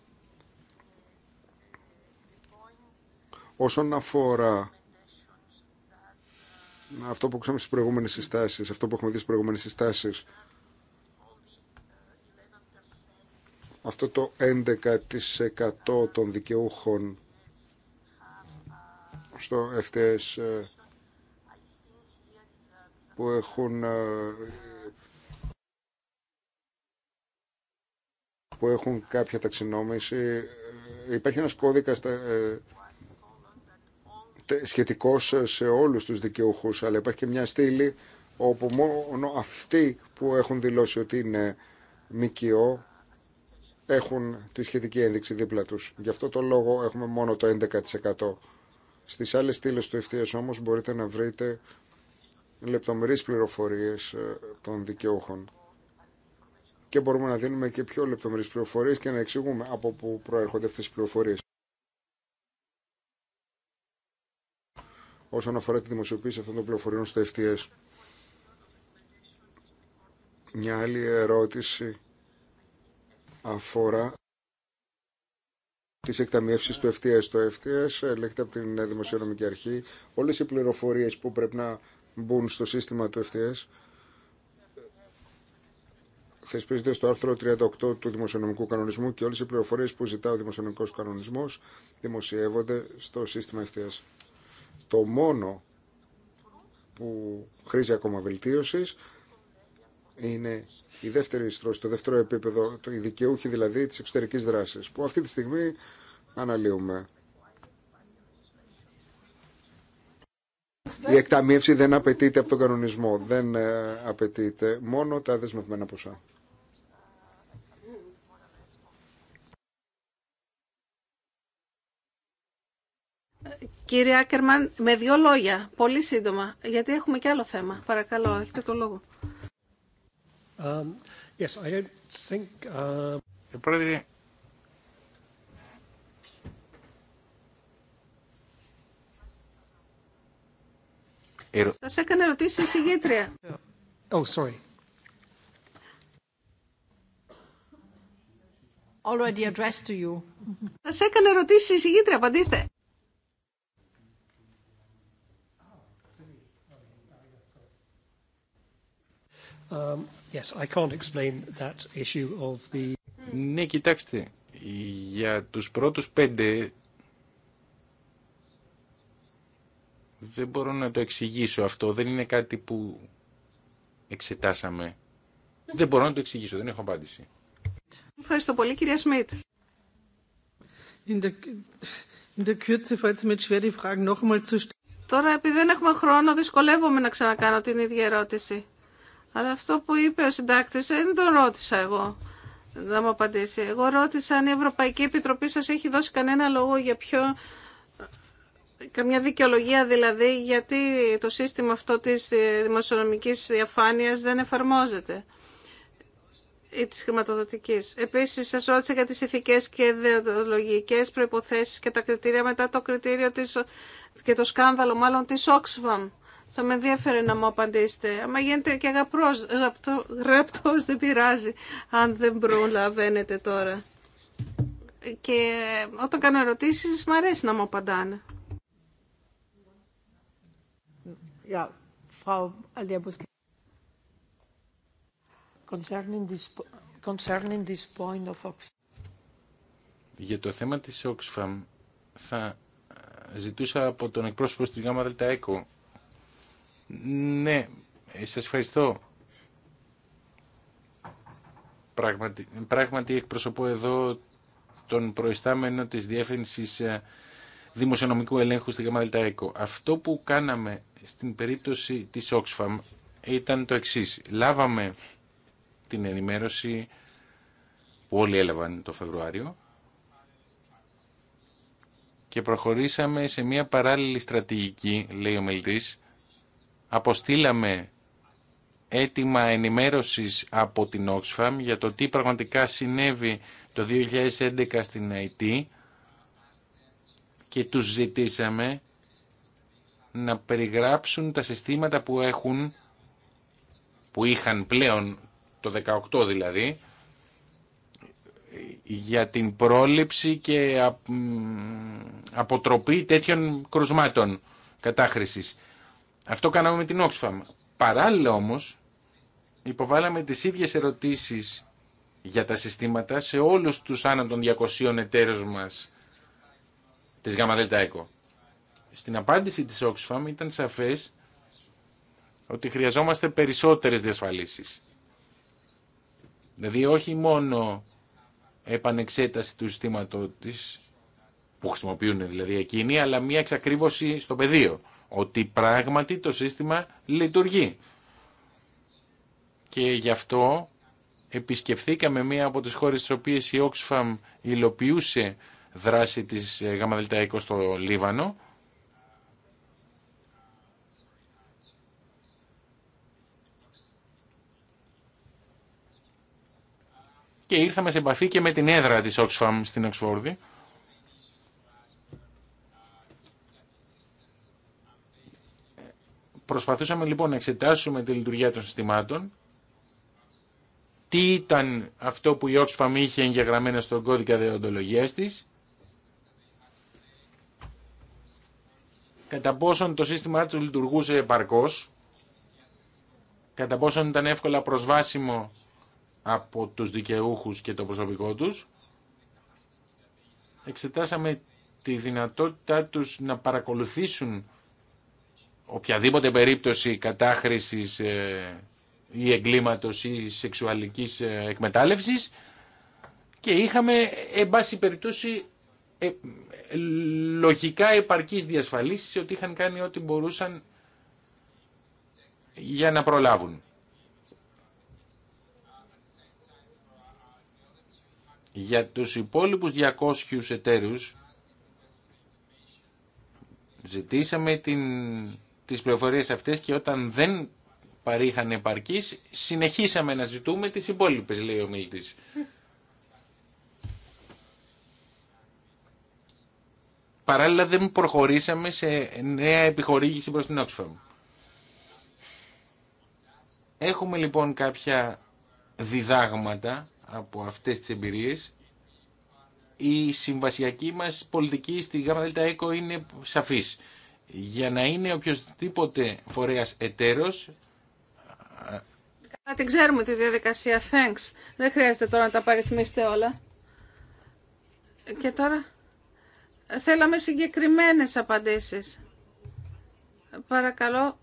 Όσον αφορά αυτό που στις προηγούμενες συστάσεις, αυτό που έχουμε δει στις προηγούμενες συστάσεις, αυτό το 11% των δικαιούχων στο FTS ε, που έχουν ε, που έχουν κάποια ταξινόμηση. Ε, υπάρχει ένας κώδικας ε, σχετικός σε όλους τους δικαιούχους, αλλά υπάρχει και μια στήλη όπου μόνο αυτοί που έχουν δηλώσει ότι είναι ΜΚΟ έχουν τη σχετική ένδειξη δίπλα τους. Γι' αυτό το λόγο έχουμε μόνο το 11%. Στις άλλες στήλες του ευθείας όμως μπορείτε να βρείτε λεπτομερείς πληροφορίες ε, των δικαιούχων και μπορούμε να δίνουμε και πιο λεπτομερείς πληροφορίες και να εξηγούμε από πού προέρχονται αυτές τις πληροφορίες. Όσον αφορά τη δημοσιοποίηση αυτών των πληροφοριών στο FTS. Μια άλλη ερώτηση αφορά τις εκταμιεύσεις του FTS. Το FTS ελέγχεται από την Δημοσιονομική Αρχή. Όλες οι πληροφορίες που πρέπει να μπουν στο σύστημα του FTS θεσπίζονται στο άρθρο 38 του Δημοσιονομικού Κανονισμού και όλες οι πληροφορίες που ζητά ο Δημοσιονομικός Κανονισμός δημοσιεύονται στο σύστημα ευθείας. Το μόνο που χρήζει ακόμα βελτίωση είναι η δεύτερη στρώση, το δεύτερο επίπεδο, οι δικαιούχοι δηλαδή της εξωτερικής δράσης, που αυτή τη στιγμή αναλύουμε. Η εκταμείευση δεν απαιτείται από τον κανονισμό, δεν ε, απαιτείται μόνο τα δεσμευμένα ποσά. Κύριε Άκερμαν, με δύο λόγια, πολύ σύντομα, γιατί έχουμε και άλλο θέμα. Παρακαλώ, έχετε το λόγο. Um, yes, I think, uh... Ε, πρόεδρε, Σας έκανε ερωτήσει η συγγήτρια. Oh, sorry. Already addressed to you. Σας έκανε ερωτήσει η συγγήτρια, απαντήστε. Um, ναι, κοιτάξτε, για τους πρώτους πέντε δεν μπορώ να το εξηγήσω αυτό, δεν είναι κάτι που εξετάσαμε. Δεν μπορώ να το εξηγήσω, δεν έχω απάντηση. Ευχαριστώ πολύ κυρία Σμιτ. Τώρα επειδή δεν έχουμε χρόνο δυσκολεύομαι να ξανακάνω την ίδια ερώτηση. Αλλά αυτό που είπε ο συντάκτη ε, δεν το ρώτησα εγώ. Δεν μου απαντήσει. Εγώ ρώτησα αν η Ευρωπαϊκή Επιτροπή σα έχει δώσει κανένα λόγο για ποιο. Καμιά δικαιολογία δηλαδή γιατί το σύστημα αυτό της δημοσιονομικής διαφάνειας δεν εφαρμόζεται ή της χρηματοδοτικής. Επίσης, σας ρώτησα για τις ηθικές και ιδεολογικές προϋποθέσεις και τα κριτήρια μετά το κριτήριο της, και το σκάνδαλο μάλλον της Oxfam. Θα με ενδιαφέρει να μου απαντήσετε. Άμα γίνεται και αγαπρός, γραπτό, γραπτός δεν πειράζει αν δεν προλαβαίνετε τώρα. Και όταν κάνω ερωτήσεις μου αρέσει να μου απαντάνε. Για το θέμα της Oxfam θα ε, ζητούσα από τον εκπρόσωπο της ΓΔΕΚΟ ναι, ε, σα ευχαριστώ. Πράγματι, πράγματι εκπροσωπώ εδώ τον προϊστάμενο της Διεύθυνσης ε, Δημοσιονομικού Ελέγχου στην ΕΚΟ. Αυτό που κάναμε στην περίπτωση της Oxfam ήταν το εξής. Λάβαμε την ενημέρωση που όλοι έλαβαν το Φεβρουάριο και προχωρήσαμε σε μια παράλληλη στρατηγική, λέει ο Μελτής, αποστήλαμε έτοιμα ενημέρωσης από την Oxfam για το τι πραγματικά συνέβη το 2011 στην Αιτή και τους ζητήσαμε να περιγράψουν τα συστήματα που έχουν που είχαν πλέον το 18 δηλαδή για την πρόληψη και αποτροπή τέτοιων κρουσμάτων κατάχρησης. Αυτό κάναμε με την Oxfam. Παράλληλα όμως υποβάλαμε τις ίδιες ερωτήσεις για τα συστήματα σε όλους τους άνω των 200 εταίρους μας της ΓΔΕΚΟ. Στην απάντηση της Oxfam ήταν σαφές ότι χρειαζόμαστε περισσότερες διασφαλίσεις. Δηλαδή όχι μόνο επανεξέταση του συστήματος της, που χρησιμοποιούν δηλαδή εκείνοι, αλλά μια εξακρίβωση στο πεδίο ότι πράγματι το σύστημα λειτουργεί. Και γι' αυτό επισκεφθήκαμε μία από τις χώρες στις οποίες η Oxfam υλοποιούσε δράση της ε, γαμαδελταϊκός στο Λίβανο. Και ήρθαμε σε επαφή και με την έδρα της Oxfam στην Οξφόρδη. Προσπαθούσαμε λοιπόν να εξετάσουμε τη λειτουργία των συστημάτων, τι ήταν αυτό που η Oxfam είχε εγγεγραμμένα στον κώδικα διοντολογίας της, κατά πόσον το σύστημά του λειτουργούσε επαρκώς, κατά πόσον ήταν εύκολα προσβάσιμο από τους δικαιούχους και το προσωπικό τους. Εξετάσαμε τη δυνατότητά τους να παρακολουθήσουν οποιαδήποτε περίπτωση κατάχρησης ε, ή εγκλήματος ή σεξουαλικής ε, εκμετάλλευσης και είχαμε, εν πάση περιπτώσει, ε, λογικά επαρκής διασφαλίσεις ότι είχαν κάνει ό,τι μπορούσαν για να προλάβουν. Για τους υπόλοιπους 200 εταίρους ζητήσαμε την τις πληροφορίες αυτές και όταν δεν παρήχαν επαρκής, συνεχίσαμε να ζητούμε τις υπόλοιπες, λέει ο Μίλτης. Παράλληλα δεν προχωρήσαμε σε νέα επιχορήγηση προς την Oxfam. Έχουμε λοιπόν κάποια διδάγματα από αυτές τις εμπειρίες. Η συμβασιακή μας πολιτική στη εκο είναι σαφής για να είναι οποιοδήποτε φορέας εταίρος να την ξέρουμε τη διαδικασία. Thanks. Δεν χρειάζεται τώρα να τα παριθμίσετε όλα. Και τώρα θέλαμε συγκεκριμένες απαντήσεις. Παρακαλώ,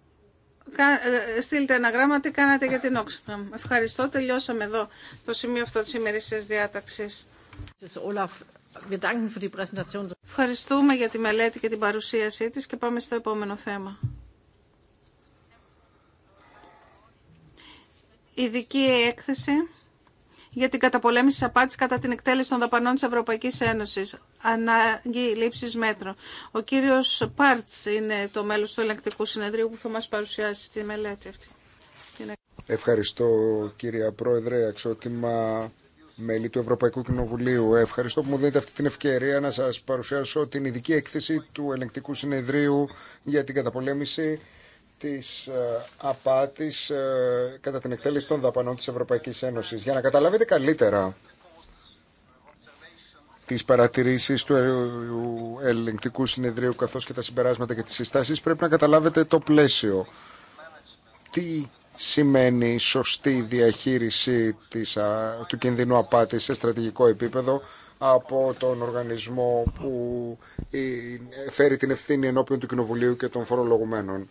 ε, στείλτε ένα γράμμα τι κάνατε για την όξυπνα. Ευχαριστώ. Τελειώσαμε εδώ το σημείο αυτό της ημερήσιας διάταξης. Ευχαριστούμε για τη μελέτη και την παρουσίασή της και πάμε στο επόμενο θέμα. Ειδική έκθεση για την καταπολέμηση της απάτης κατά την εκτέλεση των δαπανών της Ευρωπαϊκής Ένωσης. Ανάγκη λήψης μέτρων. Ο κύριος Πάρτς είναι το μέλος του ελεγκτικού συνεδρίου που θα μας παρουσιάσει τη μελέτη αυτή. Ευχαριστώ κύριε Πρόεδρε, αξιότιμα μέλη του Ευρωπαϊκού Κοινοβουλίου. Ε, ευχαριστώ που μου δίνετε αυτή την ευκαιρία να σας παρουσιάσω την ειδική έκθεση του Ελεγκτικού Συνεδρίου για την καταπολέμηση της ε, απάτης ε, κατά την εκτέλεση των δαπανών της Ευρωπαϊκής Ένωσης. Για να καταλάβετε καλύτερα τις παρατηρήσεις του Ελεγκτικού Συνεδρίου καθώς και τα συμπεράσματα και τις συστάσεις πρέπει να καταλάβετε το πλαίσιο. Τι σημαίνει σωστή διαχείριση της, του κινδυνού απάτης σε στρατηγικό επίπεδο από τον οργανισμό που φέρει την ευθύνη ενώπιον του Κοινοβουλίου και των φορολογουμένων.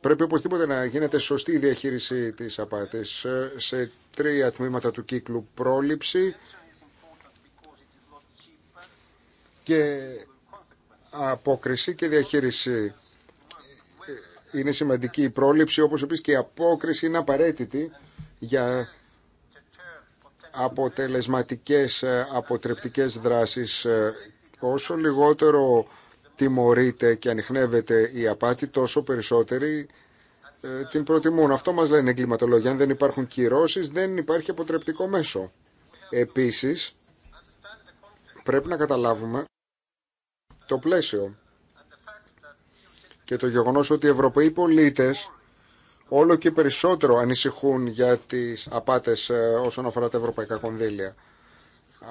Πρέπει οπωσδήποτε να γίνεται σωστή η διαχείριση της απάτης ε, σε τρία τμήματα του κύκλου πρόληψη και απόκριση και διαχείριση είναι σημαντική η πρόληψη, όπως επίσης και η απόκριση είναι απαραίτητη για αποτελεσματικές ε, αποτρεπτικές δράσεις. Ε, όσο λιγότερο τιμωρείται και ανοιχνεύεται η απάτη, τόσο περισσότεροι ε, την προτιμούν. Αυτό μας λένε εγκληματολόγοι. Αν δεν υπάρχουν κυρώσεις, δεν υπάρχει αποτρεπτικό μέσο. Επίσης, πρέπει να καταλάβουμε το πλαίσιο και το γεγονός ότι οι Ευρωπαίοι πολίτες όλο και περισσότερο ανησυχούν για τις απάτες ε, όσον αφορά τα ευρωπαϊκά κονδύλια.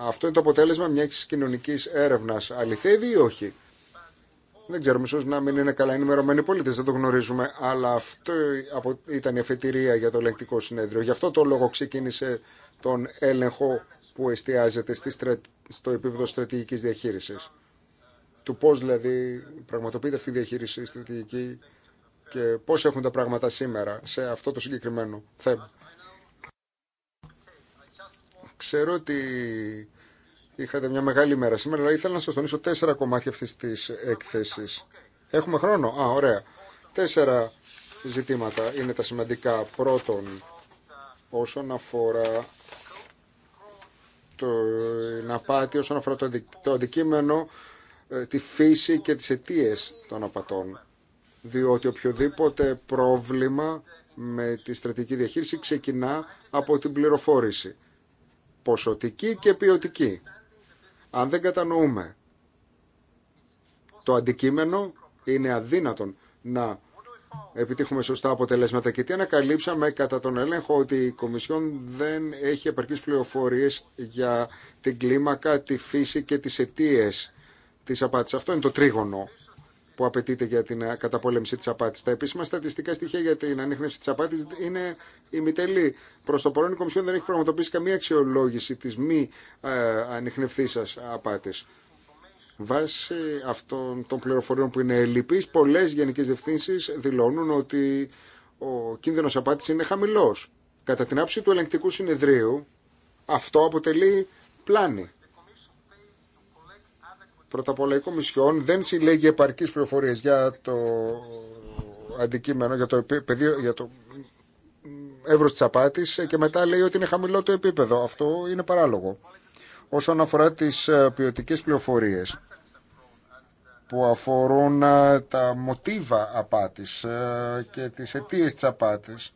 Αυτό είναι το αποτέλεσμα μιας κοινωνικής έρευνας. Αληθεύει ή όχι. Δεν ξέρουμε, ίσω να μην είναι καλά ενημερωμένοι οι πολίτε, δεν το γνωρίζουμε, αλλά αυτό ήταν η αφετηρία για το ελεγκτικό συνέδριο. Γι' αυτό το λόγο ξεκίνησε τον έλεγχο που εστιάζεται στο επίπεδο στρατηγικής διαχείρισης του πώς δηλαδή πραγματοποιείται αυτή η διαχείριση στρατηγική και πώς έχουν τα πράγματα σήμερα σε αυτό το συγκεκριμένο θέμα. Ξέρω ότι είχατε μια μεγάλη μέρα σήμερα, αλλά ήθελα να σας τονίσω τέσσερα κομμάτια αυτής της έκθεσης. Έχουμε χρόνο. Α, ωραία. Τέσσερα ζητήματα είναι τα σημαντικά. Πρώτον, όσον αφορά το απάτη, όσον αφορά το αντικείμενο ε, τη φύση και τις αιτίες των απατών. Διότι οποιοδήποτε πρόβλημα με τη στρατηγική διαχείριση ξεκινά από την πληροφόρηση. Ποσοτική και ποιοτική. Αν δεν κατανοούμε το αντικείμενο, είναι αδύνατον να επιτύχουμε σωστά αποτελέσματα. Και τι ανακαλύψαμε κατά τον έλεγχο ότι η Κομισιόν δεν έχει επαρκείς πληροφορίες για την κλίμακα, τη φύση και τις αιτίες αυτό είναι το τρίγωνο που απαιτείται για την ε, καταπόλεμηση τη απάτη. Τα επίσημα στατιστικά στοιχεία για την ανείχνευση τη απάτη είναι ημιτελή. Προ το παρόν η Κομισιόν δεν έχει πραγματοποιήσει καμία αξιολόγηση τη μη ε, σα απάτη. Βάσει αυτών των πληροφοριών που είναι ελλειπείς, πολλέ γενικέ διευθύνσει δηλώνουν ότι ο κίνδυνο απάτη είναι χαμηλό. Κατά την άψη του ελεγκτικού συνεδρίου, αυτό αποτελεί πλάνη. Πρώτα απ' όλα η Κομισιόν δεν συλλέγει επαρκείς πληροφορίες για το αντικείμενο, για το, πεδίο, για το εύρος της ε, και μετά λέει ότι είναι χαμηλό το επίπεδο. Αυτό είναι παράλογο. Όσον αφορά τις ε, ποιοτικές πληροφορίες που αφορούν ε, τα μοτίβα απάτης και τις αιτίες της απάτης,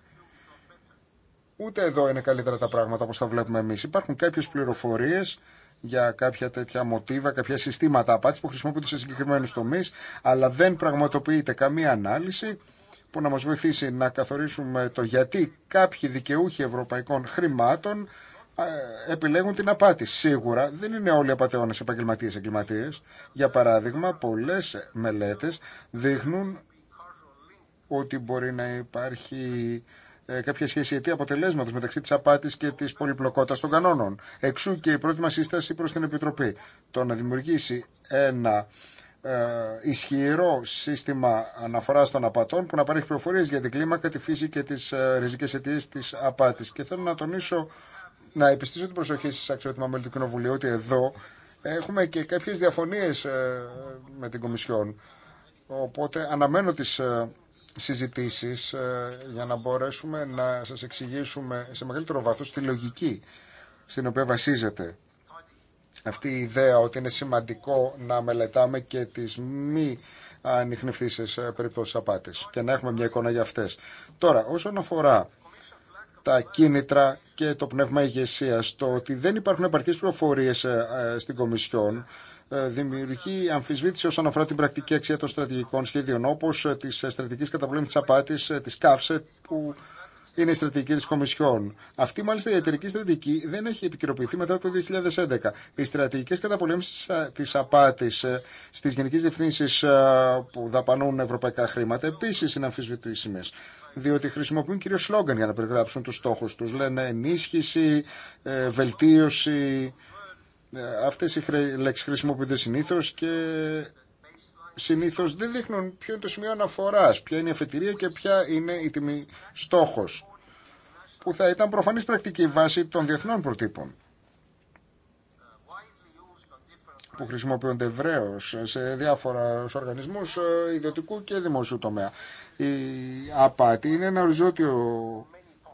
ούτε εδώ είναι καλύτερα τα πράγματα όπως τα βλέπουμε εμείς. Υπάρχουν κάποιες πληροφορίες για κάποια τέτοια μοτίβα, κάποια συστήματα απάτης που χρησιμοποιούνται σε συγκεκριμένους τομείς, αλλά δεν πραγματοποιείται καμία ανάλυση που να μας βοηθήσει να καθορίσουμε το γιατί κάποιοι δικαιούχοι ευρωπαϊκών χρημάτων ε, επιλέγουν την απάτη. Σίγουρα δεν είναι όλοι απαταιώνε επαγγελματίε εγκληματίε. Για παράδειγμα, πολλέ μελέτε δείχνουν ότι μπορεί να υπάρχει ε, κάποια σχέση αιτία αποτελέσματο μεταξύ τη απάτη και τη πολυπλοκότητα των κανόνων. Εξού και η πρώτη μα σύσταση προ την Επιτροπή. Το να δημιουργήσει ένα ε, ισχυρό σύστημα αναφορά των απατών που να παρέχει πληροφορίε για την κλίμακα, τη φύση και τι ε, ριζικέ αιτίε τη απάτη. Και θέλω να τονίσω, να επιστήσω την προσοχή σα, αξιότιμα μέλη του Κοινοβουλίου, ότι εδώ έχουμε και κάποιε διαφωνίε ε, με την Κομισιόν. Οπότε αναμένω τις ε, συζητήσεις ε, για να μπορέσουμε να σας εξηγήσουμε σε μεγαλύτερο βάθος τη λογική στην οποία βασίζεται αυτή η ιδέα ότι είναι σημαντικό να μελετάμε και τις μη ανιχνευθήσεις ε, περιπτώσεις απάτης και να έχουμε μια εικόνα για αυτές. Τώρα, όσον αφορά τα κίνητρα και το πνεύμα ηγεσία. Το ότι δεν υπάρχουν επαρκείς πληροφορίε ε, ε, στην Κομισιόν ε, δημιουργεί αμφισβήτηση όσον αφορά την πρακτική αξία των στρατηγικών σχέδιων, όπω τη στρατηγική καταπολέμηση τη απάτη, τη ΚΑΦΣΕ, που είναι η στρατηγική τη Κομισιόν. Αυτή, μάλιστα, η εταιρική στρατηγική δεν έχει επικαιροποιηθεί μετά το 2011. Οι στρατηγικέ καταπολέμησει τη απάτη στι γενικέ διευθύνσει που δαπανούν ευρωπαϊκά χρήματα επίση είναι αμφισβητήσιμε διότι χρησιμοποιούν κυρίως σλόγγαν για να περιγράψουν τους στόχους τους. Λένε ενίσχυση, ε, βελτίωση, ε, αυτές οι λέξεις χρησιμοποιούνται συνήθως και συνήθως δεν δείχνουν ποιο είναι το σημείο αναφοράς, ποια είναι η αφετηρία και ποια είναι η τιμή στόχος, που θα ήταν προφανής πρακτική βάση των διεθνών προτύπων. που χρησιμοποιούνται ευρέω σε διάφορα οργανισμού ε, ιδιωτικού και δημοσίου τομέα. Η απάτη είναι ένα οριζόντιο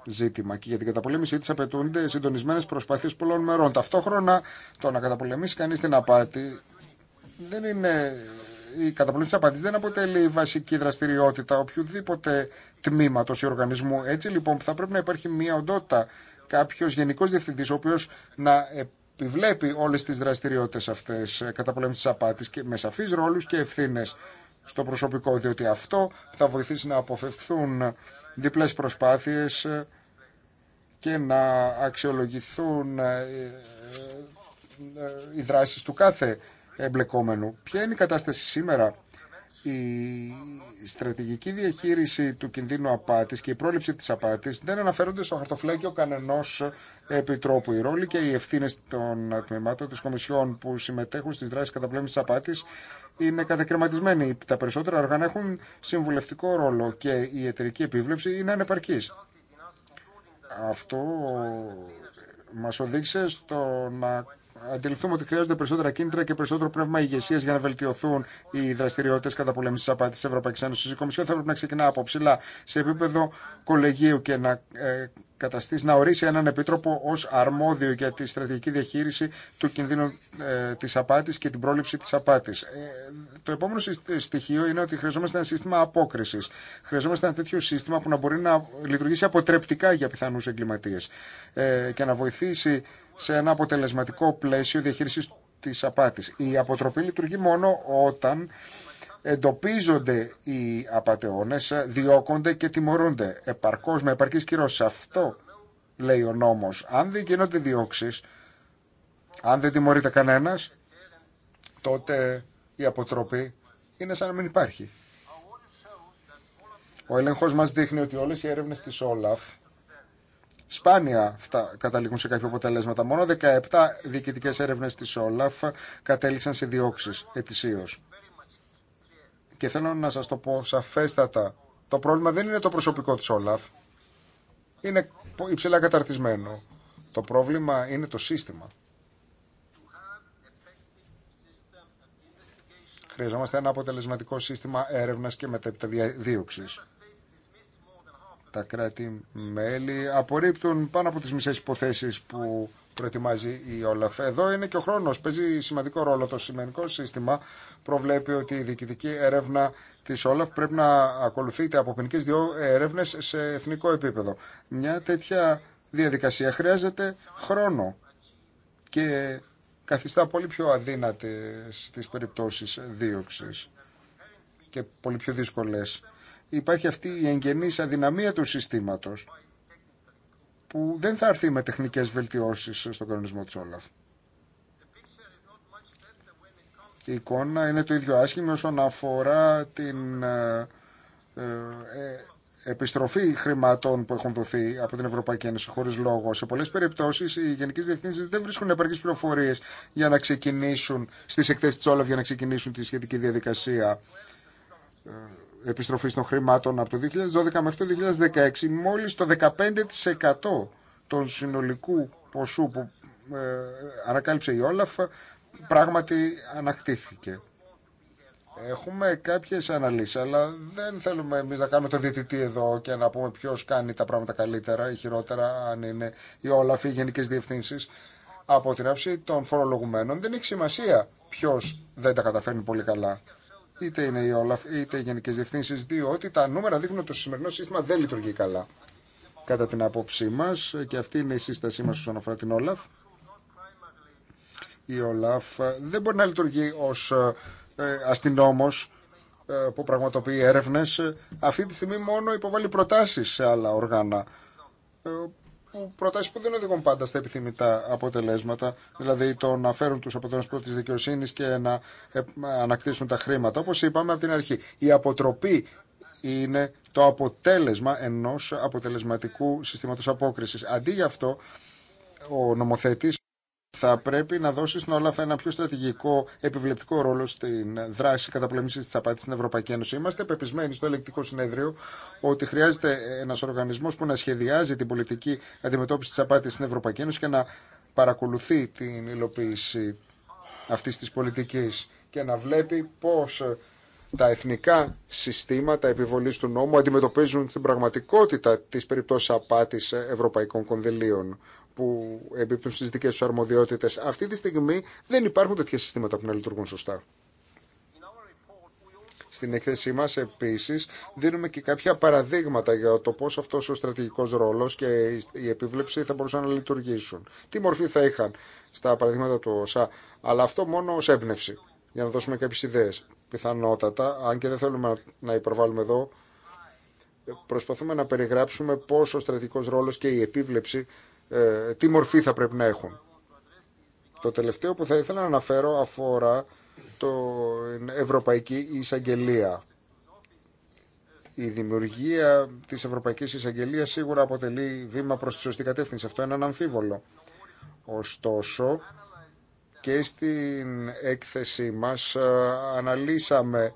ζήτημα και για την καταπολέμησή τη απαιτούνται συντονισμένε προσπάθειε πολλών μερών. Ταυτόχρονα το να καταπολεμήσει κανεί την απάτη δεν είναι. Η καταπολέμηση τη απάτη δεν αποτελεί βασική δραστηριότητα οποιοδήποτε τμήματο ή οργανισμού. Έτσι λοιπόν θα πρέπει να υπάρχει μια οντότητα κάποιο γενικό διευθυντή, ο οποίο να επιβλέπει όλες τις δραστηριότητες αυτές ε, κατά πολέμηση της απάτης και με σαφείς ρόλους και ευθύνες στο προσωπικό, διότι αυτό θα βοηθήσει να αποφευθούν διπλές προσπάθειες ε, και να αξιολογηθούν ε, οι δράσεις του κάθε εμπλεκόμενου. Ποια είναι η κατάσταση σήμερα η στρατηγική διαχείριση του κινδύνου απάτης και η πρόληψη της απάτης δεν αναφέρονται στο χαρτοφλέγιο κανενός επιτρόπου. Οι ρόλοι και οι ευθύνε των τμήματων της Κομισιόν που συμμετέχουν στις δράσεις καταπλέμησης της απάτης είναι κατακρεματισμένοι. Τα περισσότερα όργανα έχουν συμβουλευτικό ρόλο και η εταιρική επίβλεψη είναι ανεπαρκής. Αυτό μας οδήγησε στο να αντιληφθούμε ότι χρειάζονται περισσότερα κίνητρα και περισσότερο πνεύμα ηγεσία για να βελτιωθούν οι δραστηριότητε κατά πολέμηση τη απάτη τη Ευρωπαϊκή Ένωση. Η Κομισιόν θα πρέπει να ξεκινά από ψηλά σε επίπεδο κολεγίου και να ε, να ορίσει έναν επίτροπο ω αρμόδιο για τη στρατηγική διαχείριση του κινδύνου ε, τη απάτη και την πρόληψη τη απάτη. Ε, το επόμενο ε, στοιχείο είναι ότι χρειαζόμαστε ένα σύστημα απόκριση. Χρειαζόμαστε ένα τέτοιο σύστημα που να μπορεί να λειτουργήσει αποτρεπτικά για πιθανού εγκληματίε ε, και να βοηθήσει σε ένα αποτελεσματικό πλαίσιο διαχείριση τη απάτη. Η αποτροπή λειτουργεί μόνο όταν εντοπίζονται οι απαταιώνε, διώκονται και τιμωρούνται επαρκώς με επαρκή κυρώσεις. Αυτό λέει ο νόμος. Αν δεν γίνονται διώξει, αν δεν τιμωρείται κανένας, τότε η αποτροπή είναι σαν να μην υπάρχει. Ο έλεγχος μας δείχνει ότι όλες οι έρευνες της Όλαφ Σπάνια αυτά καταλήγουν σε κάποια αποτελέσματα. Μόνο 17 διοικητικέ έρευνε τη Όλαφ κατέληξαν σε διώξει ετησίω. Και θέλω να σα το πω σαφέστατα. Το πρόβλημα δεν είναι το προσωπικό τη Όλαφ. Είναι υψηλά καταρτισμένο. Το πρόβλημα είναι το σύστημα. Χρειαζόμαστε ένα αποτελεσματικό σύστημα έρευνας και μετέπειτα δίωξης τα κράτη-μέλη απορρίπτουν πάνω από τις μισές υποθέσεις που προετοιμάζει η Όλαφ. Εδώ είναι και ο χρόνος. Παίζει σημαντικό ρόλο το σημαντικό σύστημα. Προβλέπει ότι η διοικητική έρευνα της Όλαφ πρέπει να ακολουθείται από ποινικές δύο έρευνες σε εθνικό επίπεδο. Μια τέτοια διαδικασία χρειάζεται χρόνο και καθιστά πολύ πιο αδύνατες τις περιπτώσεις δίωξης και πολύ πιο δύσκολες υπάρχει αυτή η εγγενής αδυναμία του συστήματος που δεν θα έρθει με τεχνικές βελτιώσεις στον κανονισμό της Όλαφ. Η εικόνα είναι το ίδιο άσχημη όσον αφορά την ε, ε, ε επιστροφή χρημάτων που έχουν δοθεί από την Ευρωπαϊκή Ένωση χωρί λόγο. Σε πολλέ περιπτώσει οι γενικέ διευθύνσει δεν βρίσκουν επαρκεί πληροφορίε για να ξεκινήσουν στι εκθέσει τη Όλαφ για να ξεκινήσουν τη σχετική διαδικασία. Ε, Επιστροφή των χρημάτων από το 2012 μέχρι το 2016 μόλις το 15% των συνολικού ποσού που ε, ανακάλυψε η Όλαφ πράγματι ανακτήθηκε. Έχουμε κάποιες αναλύσεις, αλλά δεν θέλουμε εμείς να κάνουμε το διαιτητή εδώ και να πούμε ποιος κάνει τα πράγματα καλύτερα ή χειρότερα, αν είναι η Όλαφ ή οι γενικές διευθύνσεις. Από την άψη των φορολογουμένων δεν έχει σημασία ποιος δεν τα καταφέρνει πολύ καλά είτε είναι η Όλαφ είτε οι Γενικέ Διευθύνσει, διότι τα νούμερα δείχνουν ότι το σημερινό σύστημα δεν λειτουργεί καλά. Κατά την άποψή μα, και αυτή είναι η σύστασή μα όσον αφορά την Όλαφ, η Όλαφ ε, δεν μπορεί να λειτουργεί ω ε, ε, αστυνόμο που πραγματοποιεί έρευνε. Αυτή τη στιγμή μόνο υποβάλλει προτάσει σε άλλα όργανα προτάσει που δεν οδηγούν πάντα στα επιθυμητά αποτελέσματα, δηλαδή το να φέρουν του αποτελέσματα πρώτη δικαιοσύνη και να ε, ανακτήσουν τα χρήματα. Όπω είπαμε από την αρχή, η αποτροπή είναι το αποτέλεσμα ενό αποτελεσματικού συστήματο απόκριση. Αντί για αυτό, ο νομοθέτης θα πρέπει να δώσει στην Όλαφ ένα πιο στρατηγικό επιβλεπτικό ρόλο στην δράση καταπολέμηση τη απάτη στην Ευρωπαϊκή Ένωση. Είμαστε πεπισμένοι στο ελεκτικό συνέδριο ότι χρειάζεται ένα οργανισμό που να σχεδιάζει την πολιτική αντιμετώπιση τη απάτη στην Ευρωπαϊκή Ένωση και να παρακολουθεί την υλοποίηση αυτή τη πολιτική και να βλέπει πώ τα εθνικά συστήματα επιβολή του νόμου αντιμετωπίζουν την πραγματικότητα τη περιπτώσει απάτη ευρωπαϊκών κονδυλίων που εμπίπτουν στι δικέ του αρμοδιότητες. Αυτή τη στιγμή δεν υπάρχουν τέτοια συστήματα που να λειτουργούν σωστά. Στην έκθεσή μας επίσης δίνουμε και κάποια παραδείγματα για το πώς αυτός ο στρατηγικός ρόλος και η επίβλεψη θα μπορούσαν να λειτουργήσουν. Τι μορφή θα είχαν στα παραδείγματα του ΩΣΑ, αλλά αυτό μόνο ως έμπνευση για να δώσουμε κάποιες ιδέες. Πιθανότατα, αν και δεν θέλουμε να υπερβάλλουμε εδώ, προσπαθούμε να περιγράψουμε πώς ο στρατηγικός ρόλος και η επίβλεψη ε, τι μορφή θα πρέπει να έχουν. Το τελευταίο που θα ήθελα να αναφέρω αφορά την Ευρωπαϊκή Εισαγγελία. Η δημιουργία της Ευρωπαϊκής Εισαγγελίας σίγουρα αποτελεί βήμα προς τη σωστή κατεύθυνση. Αυτό είναι αναμφίβολο. Ωστόσο, και στην έκθεσή μας ε, αναλύσαμε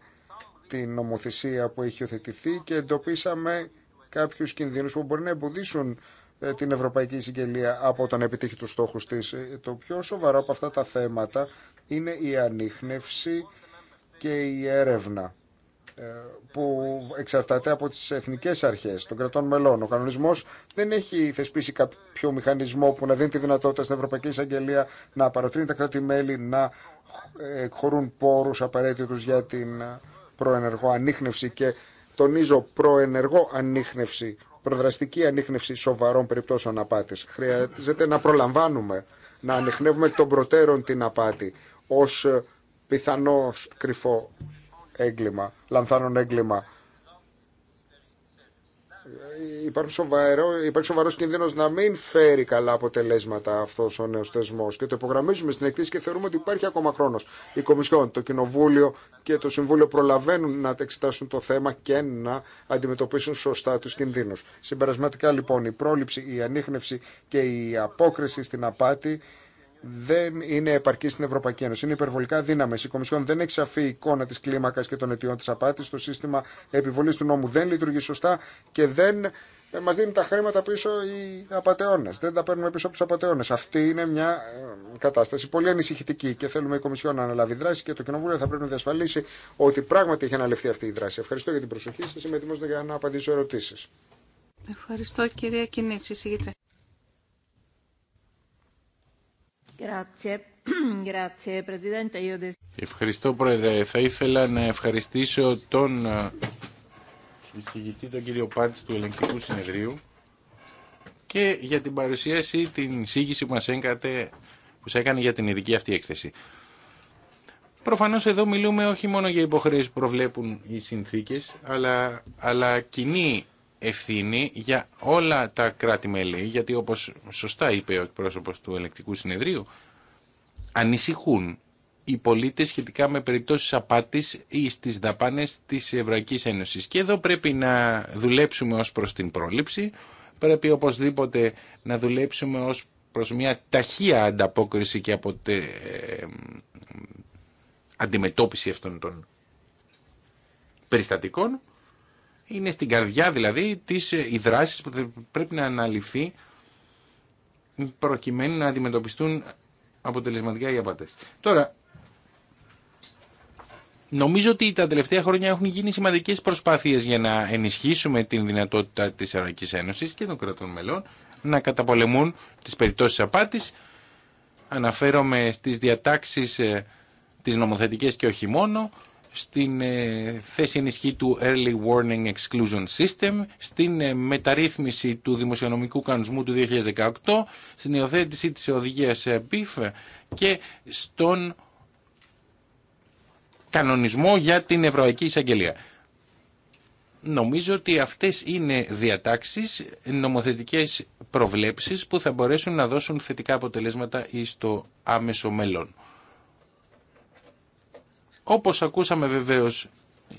την νομοθεσία που έχει οθετηθεί και εντοπίσαμε κάποιους κινδύνους που μπορεί να εμποδίσουν ε, την Ευρωπαϊκή Εισαγγελία από όταν επιτύχει τους στόχους της. Ε, το πιο σοβαρό από αυτά τα θέματα είναι η ανείχνευση και η έρευνα ε, που εξαρτάται από τις εθνικές αρχές των κρατών μελών. Ο κανονισμός δεν έχει θεσπίσει κάποιο μηχανισμό που να δίνει τη δυνατότητα στην Ευρωπαϊκή Εισαγγελία να παροτρύνει τα κράτη-μέλη να χωρούν πόρους απαραίτητους για την προενεργό ανείχνευση και τονίζω προενεργό ανείχνευση προδραστική ανείχνευση σοβαρών περιπτώσεων απάτης. Χρειάζεται να προλαμβάνουμε, να ανοιχνεύουμε τον των προτέρων την απάτη ω πιθανό κρυφό έγκλημα, λανθάνων έγκλημα υπάρχει σοβαρό, υπάρχει σοβαρός κινδύνος να μην φέρει καλά αποτελέσματα αυτός ο νέος θεσμός και το υπογραμμίζουμε στην εκτίση και θεωρούμε ότι υπάρχει ακόμα χρόνος. Η Κομισιόν, το Κοινοβούλιο και το Συμβούλιο προλαβαίνουν να εξετάσουν το θέμα και να αντιμετωπίσουν σωστά τους κινδύνους. Συμπερασματικά λοιπόν η πρόληψη, η ανείχνευση και η απόκριση στην απάτη δεν είναι επαρκή στην Ευρωπαϊκή Ένωση. Είναι υπερβολικά δύναμε. Η Κομισιόν δεν έχει σαφή εικόνα τη κλίμακα και των αιτιών τη απάτη. Το σύστημα επιβολή του νόμου δεν λειτουργεί σωστά και δεν ε, μα δίνουν τα χρήματα πίσω οι απαταιώνε. Δεν τα παίρνουμε πίσω από του απαταιώνε. Αυτή είναι μια ε, κατάσταση πολύ ανησυχητική και θέλουμε η Κομισιόν να αναλάβει δράση και το Κοινοβούλιο θα πρέπει να διασφαλίσει ότι πράγματι έχει αναλυφθεί αυτή η δράση. Ευχαριστώ για την προσοχή σας. Είμαι έτοιμος για να απαντήσω ερωτήσει. Ευχαριστώ κυρία Κινίτση. Συγγήτρια. *clears throat* Ευχαριστώ Πρόεδρε. Θα ήθελα να ευχαριστήσω τον ε, εισηγητή τον κύριο Πάρτης του Ελεγκτικού Συνεδρίου και για την παρουσίαση, την εισήγηση που μας που σε έκανε για την ειδική αυτή έκθεση. Προφανώς εδώ μιλούμε όχι μόνο για υποχρέσεις που προβλέπουν οι συνθήκες, αλλά, αλλά κοινή ευθύνη για όλα τα κράτη-μέλη, γιατί όπως σωστά είπε ο πρόσωπος του Ελεκτικού Συνεδρίου, ανησυχούν οι πολίτες σχετικά με περιπτώσεις απάτης ή στις δαπάνες της Ευρωπαϊκής Ένωσης. Και εδώ πρέπει να δουλέψουμε ως προς την πρόληψη, πρέπει οπωσδήποτε να δουλέψουμε ως προς μια ταχεία ανταπόκριση και αποτε... Ε, αντιμετώπιση αυτών των περιστατικών. Είναι στην καρδιά δηλαδή της η ε, που πρέπει να αναλυθεί προκειμένου να αντιμετωπιστούν αποτελεσματικά οι απατές. Τώρα, Νομίζω ότι τα τελευταία χρόνια έχουν γίνει σημαντικές προσπάθειες για να ενισχύσουμε την δυνατότητα της Ευρωπαϊκή Ένωση και των κρατών μελών να καταπολεμούν τις περιπτώσει απάτης. Αναφέρομαι στις διατάξεις ε, τι νομοθετικέ και όχι μόνο, στην ε, θέση ενισχύ του Early Warning Exclusion System, στην ε, μεταρρύθμιση του δημοσιονομικού κανονισμού του 2018, στην υιοθέτηση της οδηγίας BIF και στον κανονισμό για την Ευρωπαϊκή Εισαγγελία. Νομίζω ότι αυτές είναι διατάξεις, νομοθετικές προβλέψεις που θα μπορέσουν να δώσουν θετικά αποτελέσματα στο άμεσο μέλλον. Όπως ακούσαμε βεβαίως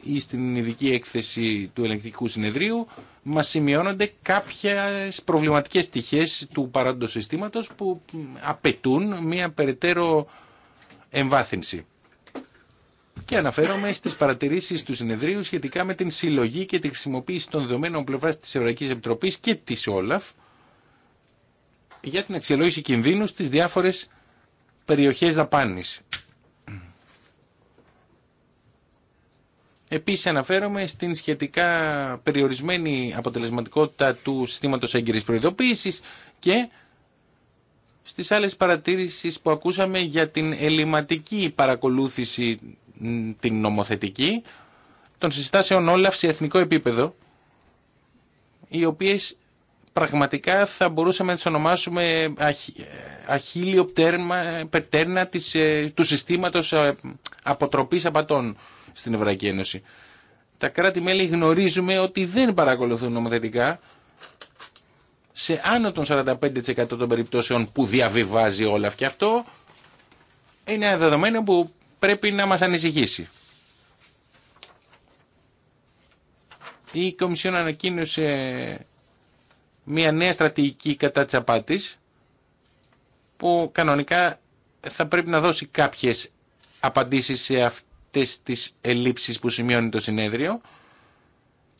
ή στην ειδική έκθεση του ελεγκτικού συνεδρίου, μας σημειώνονται κάποιες προβληματικές στοιχές του παράντος συστήματος που απαιτούν μια περαιτέρω εμβάθυνση και αναφέρομαι στις παρατηρήσεις του συνεδρίου σχετικά με την συλλογή και τη χρησιμοποίηση των δεδομένων πλευράς της Ευρωπαϊκή Επιτροπής και τη ΟΛΑΦ για την αξιολόγηση κινδύνου στις διάφορες περιοχές δαπάνη. Επίσης αναφέρομαι στην σχετικά περιορισμένη αποτελεσματικότητα του συστήματος έγκυρης προειδοποίησης και στις άλλες παρατήρησεις που ακούσαμε για την ελληματική παρακολούθηση την νομοθετική των συστάσεων όλα σε εθνικό επίπεδο οι οποίες πραγματικά θα μπορούσαμε να τις ονομάσουμε ε, αχίλιο πετέρνα της, ε, του συστήματος ε, αποτροπής απατών στην Ευρωπαϊκή Ένωση. Τα κράτη-μέλη γνωρίζουμε ότι δεν παρακολουθούν νομοθετικά σε άνω των 45% των περιπτώσεων που διαβιβάζει όλα και αυτό είναι ένα δεδομένο που πρέπει να μας ανησυχήσει. Η Κομισιόν ανακοίνωσε μια νέα στρατηγική κατά της απάτης που κανονικά θα πρέπει να δώσει κάποιες απαντήσεις σε αυτές τις ελλείψεις που σημειώνει το συνέδριο.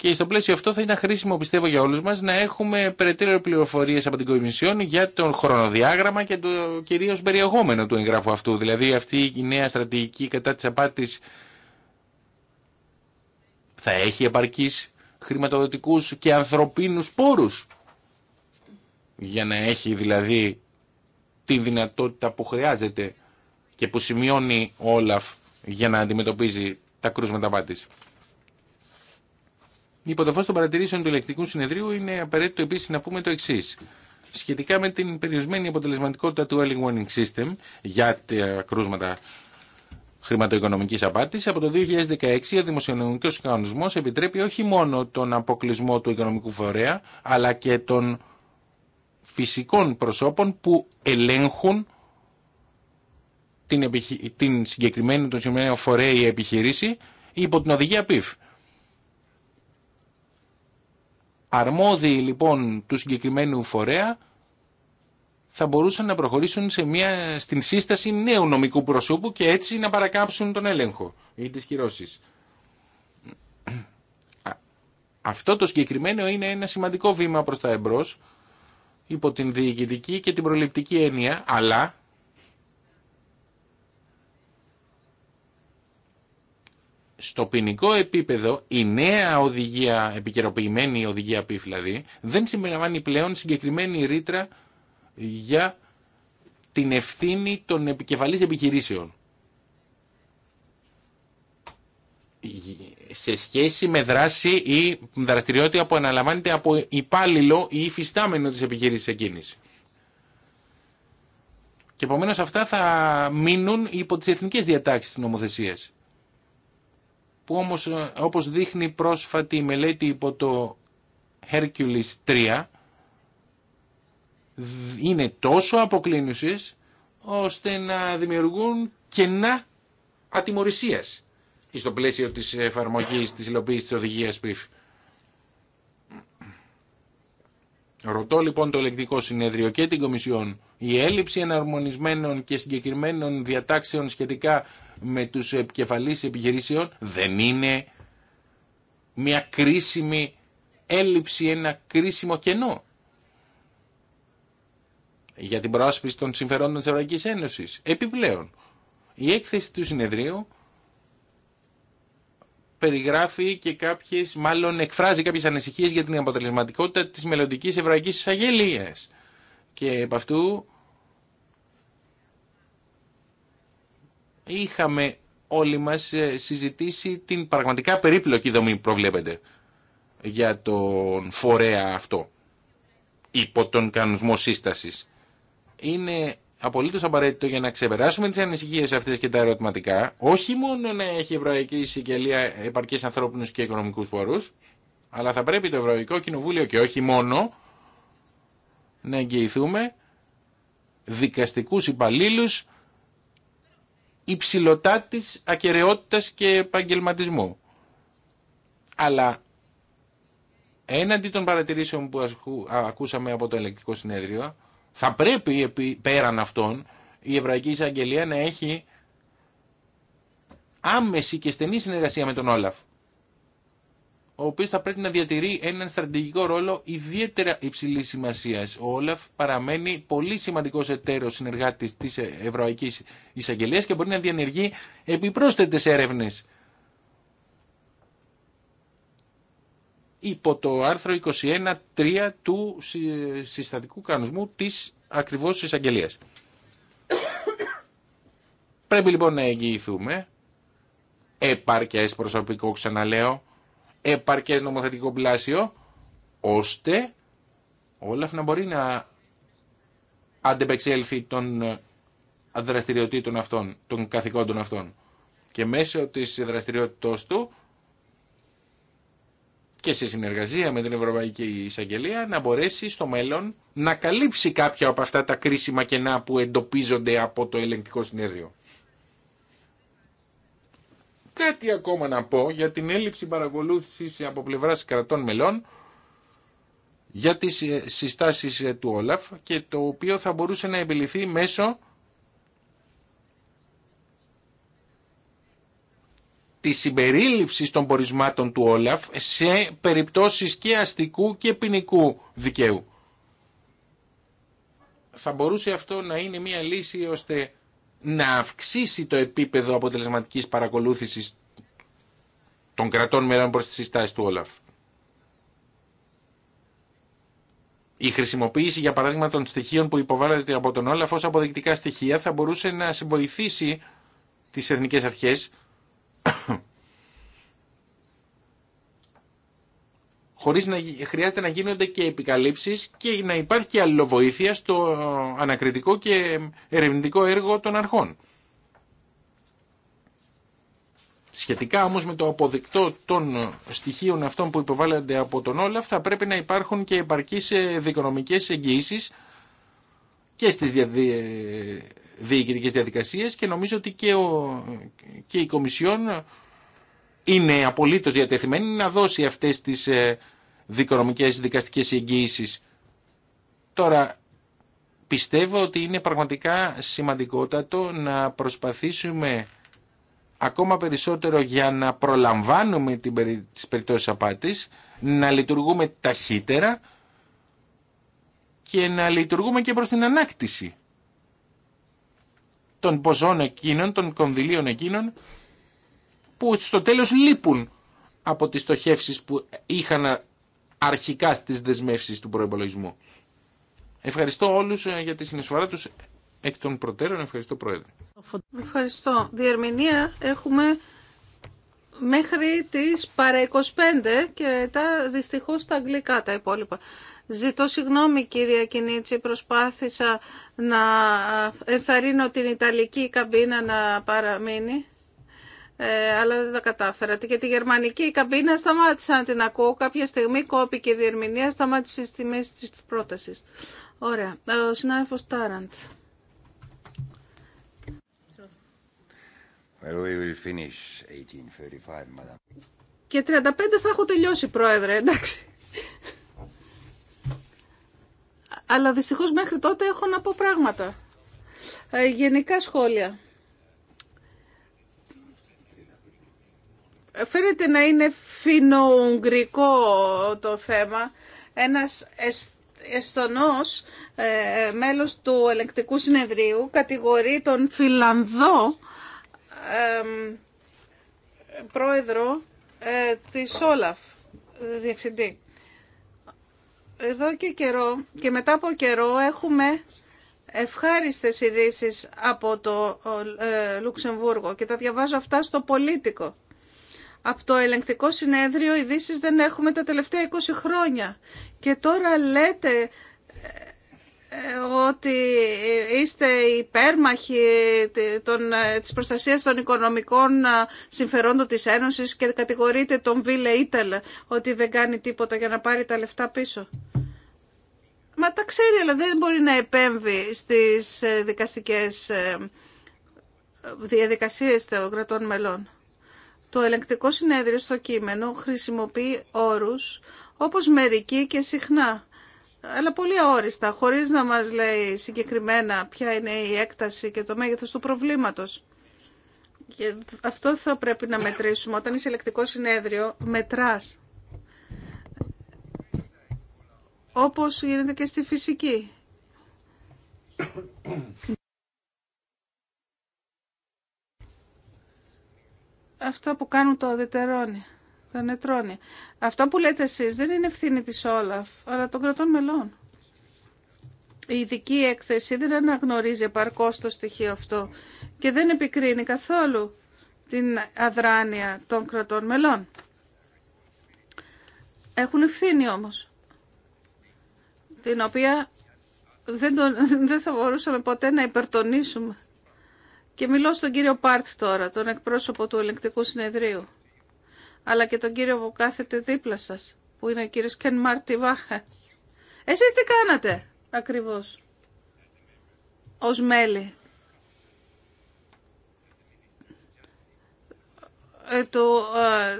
Και στο πλαίσιο αυτό θα είναι χρήσιμο, πιστεύω, για όλου μα να έχουμε περαιτέρω πληροφορίε από την Κομισιόν για τον χρονοδιάγραμμα και το κυρίω περιεχόμενο του εγγράφου αυτού. Δηλαδή, αυτή η νέα στρατηγική κατά τη απάτη θα έχει επαρκεί χρηματοδοτικού και ανθρωπίνου πόρου. Για να έχει δηλαδή τη δυνατότητα που χρειάζεται και που σημειώνει ο Όλαφ για να αντιμετωπίζει τα κρούσματα απάτης η το των παρατηρήσεων του ελεκτικού συνεδρίου είναι απαραίτητο επίση να πούμε το εξή. Σχετικά με την περιορισμένη αποτελεσματικότητα του Early Warning System για τα κρούσματα χρηματοοικονομικής απάτης, από το 2016 ο δημοσιονομικό κανονισμό επιτρέπει όχι μόνο τον αποκλεισμό του οικονομικού φορέα, αλλά και των φυσικών προσώπων που ελέγχουν την, την συγκεκριμένη τον φορέα ή επιχείρηση υπό την οδηγία PIF αρμόδιοι λοιπόν του συγκεκριμένου φορέα θα μπορούσαν να προχωρήσουν σε μια, στην σύσταση νέου νομικού προσώπου και έτσι να παρακάψουν τον έλεγχο ή τις κυρώσεις. Αυτό το συγκεκριμένο είναι ένα σημαντικό βήμα προς τα εμπρός υπό την διοικητική και την προληπτική έννοια, αλλά στο ποινικό επίπεδο η νέα οδηγία, επικαιροποιημένη οδηγία ΠΙΦ δηλαδή, δεν συμπεριλαμβάνει πλέον συγκεκριμένη ρήτρα για την ευθύνη των επικεφαλής επιχειρήσεων. Σε σχέση με δράση ή δραστηριότητα που αναλαμβάνεται από υπάλληλο ή υφιστάμενο της επιχειρήσης εκείνης. Και επομένως αυτά θα μείνουν υπό τις εθνικές διατάξεις της νομοθεσίας που όμως ε, όπως δείχνει πρόσφατη μελέτη υπό το Hercules 3 είναι τόσο αποκλίνουσες ώστε να δημιουργούν κενά ατιμορρησίας στο πλαίσιο της εφαρμογής της υλοποίησης της οδηγίας ΠΥΦ. Ρωτώ λοιπόν το ελεκτικό συνέδριο και την Κομισιόν η έλλειψη εναρμονισμένων και συγκεκριμένων διατάξεων σχετικά με τους επικεφαλείς επιχειρήσεων δεν είναι μια κρίσιμη έλλειψη, ένα κρίσιμο κενό για την πρόσπιση των συμφερόντων της Ευρωπαϊκής Ένωσης. Επιπλέον, η έκθεση του συνεδρίου περιγράφει και κάποιες, μάλλον εκφράζει κάποιες ανησυχίες για την αποτελεσματικότητα της μελλοντική ευρωπαϊκής εισαγγελίας. Και επ' αυτού είχαμε όλοι μας ε, συζητήσει την πραγματικά περίπλοκη δομή που προβλέπεται για τον φορέα αυτό υπό τον κανονισμό σύστασης. Είναι απολύτως απαραίτητο για να ξεπεράσουμε τις ανησυχίες αυτές και τα ερωτηματικά, όχι μόνο να έχει η Ευρωπαϊκή Συγγελία επαρκή ανθρώπινους και οικονομικούς πόρους, αλλά θα πρέπει το Ευρωπαϊκό Κοινοβούλιο και όχι μόνο να εγγυηθούμε δικαστικούς υπαλλήλους υψηλωτά της ακαιρεότητας και επαγγελματισμού. Αλλά έναντι των παρατηρήσεων που ακούσαμε από το ελεκτικό συνέδριο, θα πρέπει πέραν αυτών η Εβραϊκή Εισαγγελία να έχει άμεση και στενή συνεργασία με τον Όλαφ ο οποίο θα πρέπει να διατηρεί έναν στρατηγικό ρόλο ιδιαίτερα υψηλή σημασία. Ο Όλαφ παραμένει πολύ σημαντικό εταίρο συνεργάτη τη Ευρωπαϊκή Εισαγγελία και μπορεί να διενεργεί επιπρόσθετε έρευνε. Υπό το άρθρο 21.3 του συστατικού κανονισμού της ακριβώς εισαγγελία. Πρέπει λοιπόν να εγγυηθούμε επάρκειας προσωπικό ξαναλέω επαρκέ νομοθετικό πλάσιο, ώστε όλα αυτά να μπορεί να αντεπεξέλθει των δραστηριοτήτων αυτών, των καθηκόντων αυτών. Και μέσω της δραστηριότητός του και σε συνεργασία με την Ευρωπαϊκή Εισαγγελία να μπορέσει στο μέλλον να καλύψει κάποια από αυτά τα κρίσιμα κενά που εντοπίζονται από το ελεγκτικό συνέδριο κάτι ακόμα να πω για την έλλειψη παρακολούθησης από πλευράς κρατών μελών για τις ε, συστάσεις ε, του Όλαφ και το οποίο θα μπορούσε να επιληθεί μέσω της συμπερίληψης των πορισμάτων του Όλαφ σε περιπτώσεις και αστικού και ποινικού δικαίου. Θα μπορούσε αυτό να είναι μια λύση ώστε να αυξήσει το επίπεδο αποτελεσματικής παρακολούθησης των κρατών μερών προς τις συστάσεις του Όλαφ. Η χρησιμοποίηση, για παράδειγμα, των στοιχείων που υποβάλλεται από τον Όλαφ ως αποδεικτικά στοιχεία θα μπορούσε να συμβοηθήσει τις εθνικές αρχές χωρίς να χρειάζεται να γίνονται και επικαλύψεις και να υπάρχει και αλληλοβοήθεια στο ανακριτικό και ερευνητικό έργο των αρχών. Σχετικά όμως με το αποδεικτό των στοιχείων αυτών που υποβάλλονται από τον Όλαφ θα πρέπει να υπάρχουν και επαρκείς ε, δικονομικές εγγυήσεις και στις ε, διοικητικές διαδικασίες και νομίζω ότι και, ο, και η Κομισιόν είναι απολύτως διατεθειμένη να δώσει αυτές τις ε, δικονομικές δικαστικές εγγύησεις. Τώρα, πιστεύω ότι είναι πραγματικά σημαντικότατο να προσπαθήσουμε ακόμα περισσότερο για να προλαμβάνουμε την περι... τις περιπτώσεις απάτης, να λειτουργούμε ταχύτερα και να λειτουργούμε και προς την ανάκτηση των ποσών εκείνων, των κονδυλίων εκείνων, που στο τέλος λείπουν από τις στοχεύσεις που είχαν αρχικά στις δεσμεύσεις του προϋπολογισμού. Ευχαριστώ όλους ε, για τη συνεισφορά τους εκ των προτέρων. Ευχαριστώ Πρόεδρε. Ευχαριστώ. Διερμηνία έχουμε μέχρι τις παρα 25 και μετά δυστυχώς τα αγγλικά τα υπόλοιπα. Ζητώ συγγνώμη κυρία Κινίτσι, προσπάθησα να ενθαρρύνω την Ιταλική καμπίνα να παραμείνει. Ε, αλλά δεν τα κατάφερα. Και τη γερμανική καμπίνα σταμάτησα να την ακούω. Κάποια στιγμή κόπηκε η διερμηνία, σταμάτησε στη μέση της πρότασης. Ωραία. Ε, ο συνάδελφος Τάραντ. Και 35 θα έχω τελειώσει, πρόεδρε, εντάξει. αλλά δυστυχώς μέχρι τότε έχω να πω πράγματα. Ε, γενικά σχόλια. Φαίνεται να είναι φινοουγγρικό το θέμα. Ένας εστονός ε, μέλος του ελεκτικού συνεδρίου κατηγορεί τον Φιλανδό πρόεδρο ε, της Όλαφ, διευθυντή. Εδώ και καιρό και μετά από καιρό έχουμε ευχάριστες ειδήσει από το ε, Λουξεμβούργο και τα διαβάζω αυτά στο πολίτικο. Από το ελεγκτικό συνέδριο ειδήσει δεν έχουμε τα τελευταία 20 χρόνια. Και τώρα λέτε ε, ε, ότι είστε υπέρμαχοι των, ε, της προστασίας των οικονομικών συμφερόντων της Ένωσης και κατηγορείτε τον Βίλε Ήταλ ότι δεν κάνει τίποτα για να πάρει τα λεφτά πίσω. Μα τα ξέρει, αλλά δεν μπορεί να επέμβει στις δικαστικές διαδικασίες των κρατών μελών. Το ελεγκτικό συνέδριο στο κείμενο χρησιμοποιεί όρους όπως μερικοί και συχνά, αλλά πολύ αόριστα, χωρίς να μας λέει συγκεκριμένα ποια είναι η έκταση και το μέγεθος του προβλήματος. Και αυτό θα πρέπει να μετρήσουμε. Όταν είσαι ελεκτικό συνέδριο, μετράς. Όπως γίνεται και στη φυσική. αυτό που κάνουν το δετερώνει, το νετρώνει. Αυτό που λέτε εσείς δεν είναι ευθύνη της Όλαφ, αλλά των κρατών μελών. Η ειδική έκθεση δεν αναγνωρίζει επαρκώ το στοιχείο αυτό και δεν επικρίνει καθόλου την αδράνεια των κρατών μελών. Έχουν ευθύνη όμως, την οποία δεν, δεν θα μπορούσαμε ποτέ να υπερτονίσουμε. Και μιλώ στον κύριο Πάρτ τώρα, τον εκπρόσωπο του ελεγκτικού συνεδρίου, αλλά και τον κύριο που κάθεται δίπλα σας, που είναι ο κύριο Κεν Μάρτι Βάχε. Εσείς τι κάνατε ακριβώς Ω μέλη ε, του ε,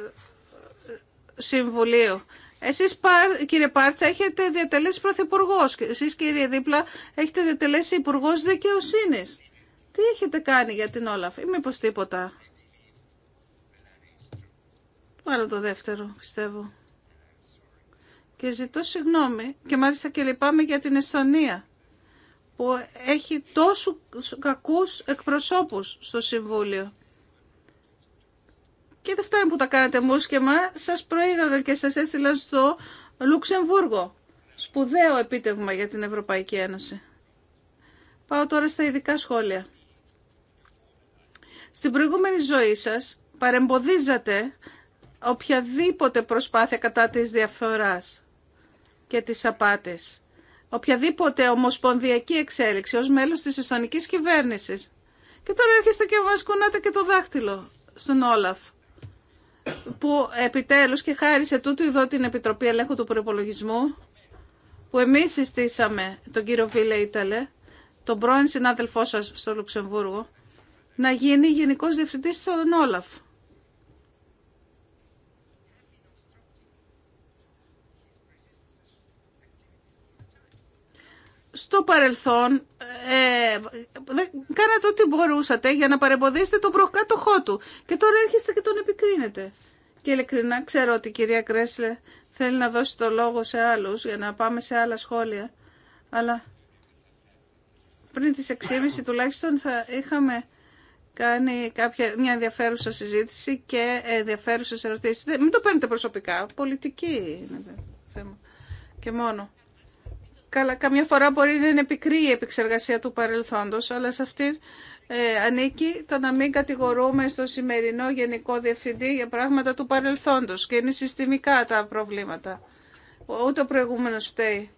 Συμβουλίου. Εσείς κύριε Πάρτσα έχετε διατελέσει πρωθυπουργός, εσείς κύριε Δίπλα έχετε διατελέσει υπουργός δικαιοσύνης. Τι έχετε κάνει για την Όλαφ ή μήπως τίποτα. το δεύτερο πιστεύω. Και ζητώ συγγνώμη και μάλιστα και λυπάμαι για την Εστονία που έχει τόσου κακούς εκπροσώπους στο Συμβούλιο. Και δεν φτάνει που τα κάνατε μουσκεμα, σας προήγαγα και σας έστειλαν στο Λουξεμβούργο. Σπουδαίο επίτευγμα για την Ευρωπαϊκή Ένωση. Πάω τώρα στα ειδικά σχόλια. Στην προηγούμενη ζωή σας παρεμποδίζατε οποιαδήποτε προσπάθεια κατά της διαφθοράς και της απάτης. Οποιαδήποτε ομοσπονδιακή εξέλιξη ως μέλος της ιστονικής κυβέρνησης. Και τώρα έρχεστε και κουνάτε και το δάχτυλο στον Όλαφ που επιτέλους και χάρη σε τούτο εδώ την Επιτροπή Ελέγχου του Προπολογισμού που εμείς συστήσαμε τον κύριο Βίλε Ήταλε, τον πρώην συνάδελφό σας στο Λουξεμβούργο, να γίνει Γενικός Διευθυντής στον Όλαφ. στο παρελθόν ε, κάνατε ό,τι μπορούσατε για να παρεμποδίσετε τον προκάτοχό του. Και τώρα έρχεστε και τον επικρίνετε. Και ειλικρινά ξέρω ότι η κυρία Κρέσλε θέλει να δώσει το λόγο σε άλλους για να πάμε σε άλλα σχόλια. Αλλά πριν τις 6.30 τουλάχιστον θα είχαμε κάνει κάποια, μια ενδιαφέρουσα συζήτηση και ενδιαφέρουσε ερωτήσει. Μην το παίρνετε προσωπικά, πολιτική είναι το θέμα και μόνο. Καλά, καμιά φορά μπορεί να είναι πικρή η επεξεργασία του παρελθόντος, αλλά σε αυτήν ε, ανήκει το να μην κατηγορούμε στο σημερινό Γενικό Διευθυντή για πράγματα του παρελθόντος και είναι συστημικά τα προβλήματα. Ούτε ο προηγούμενος φταίει.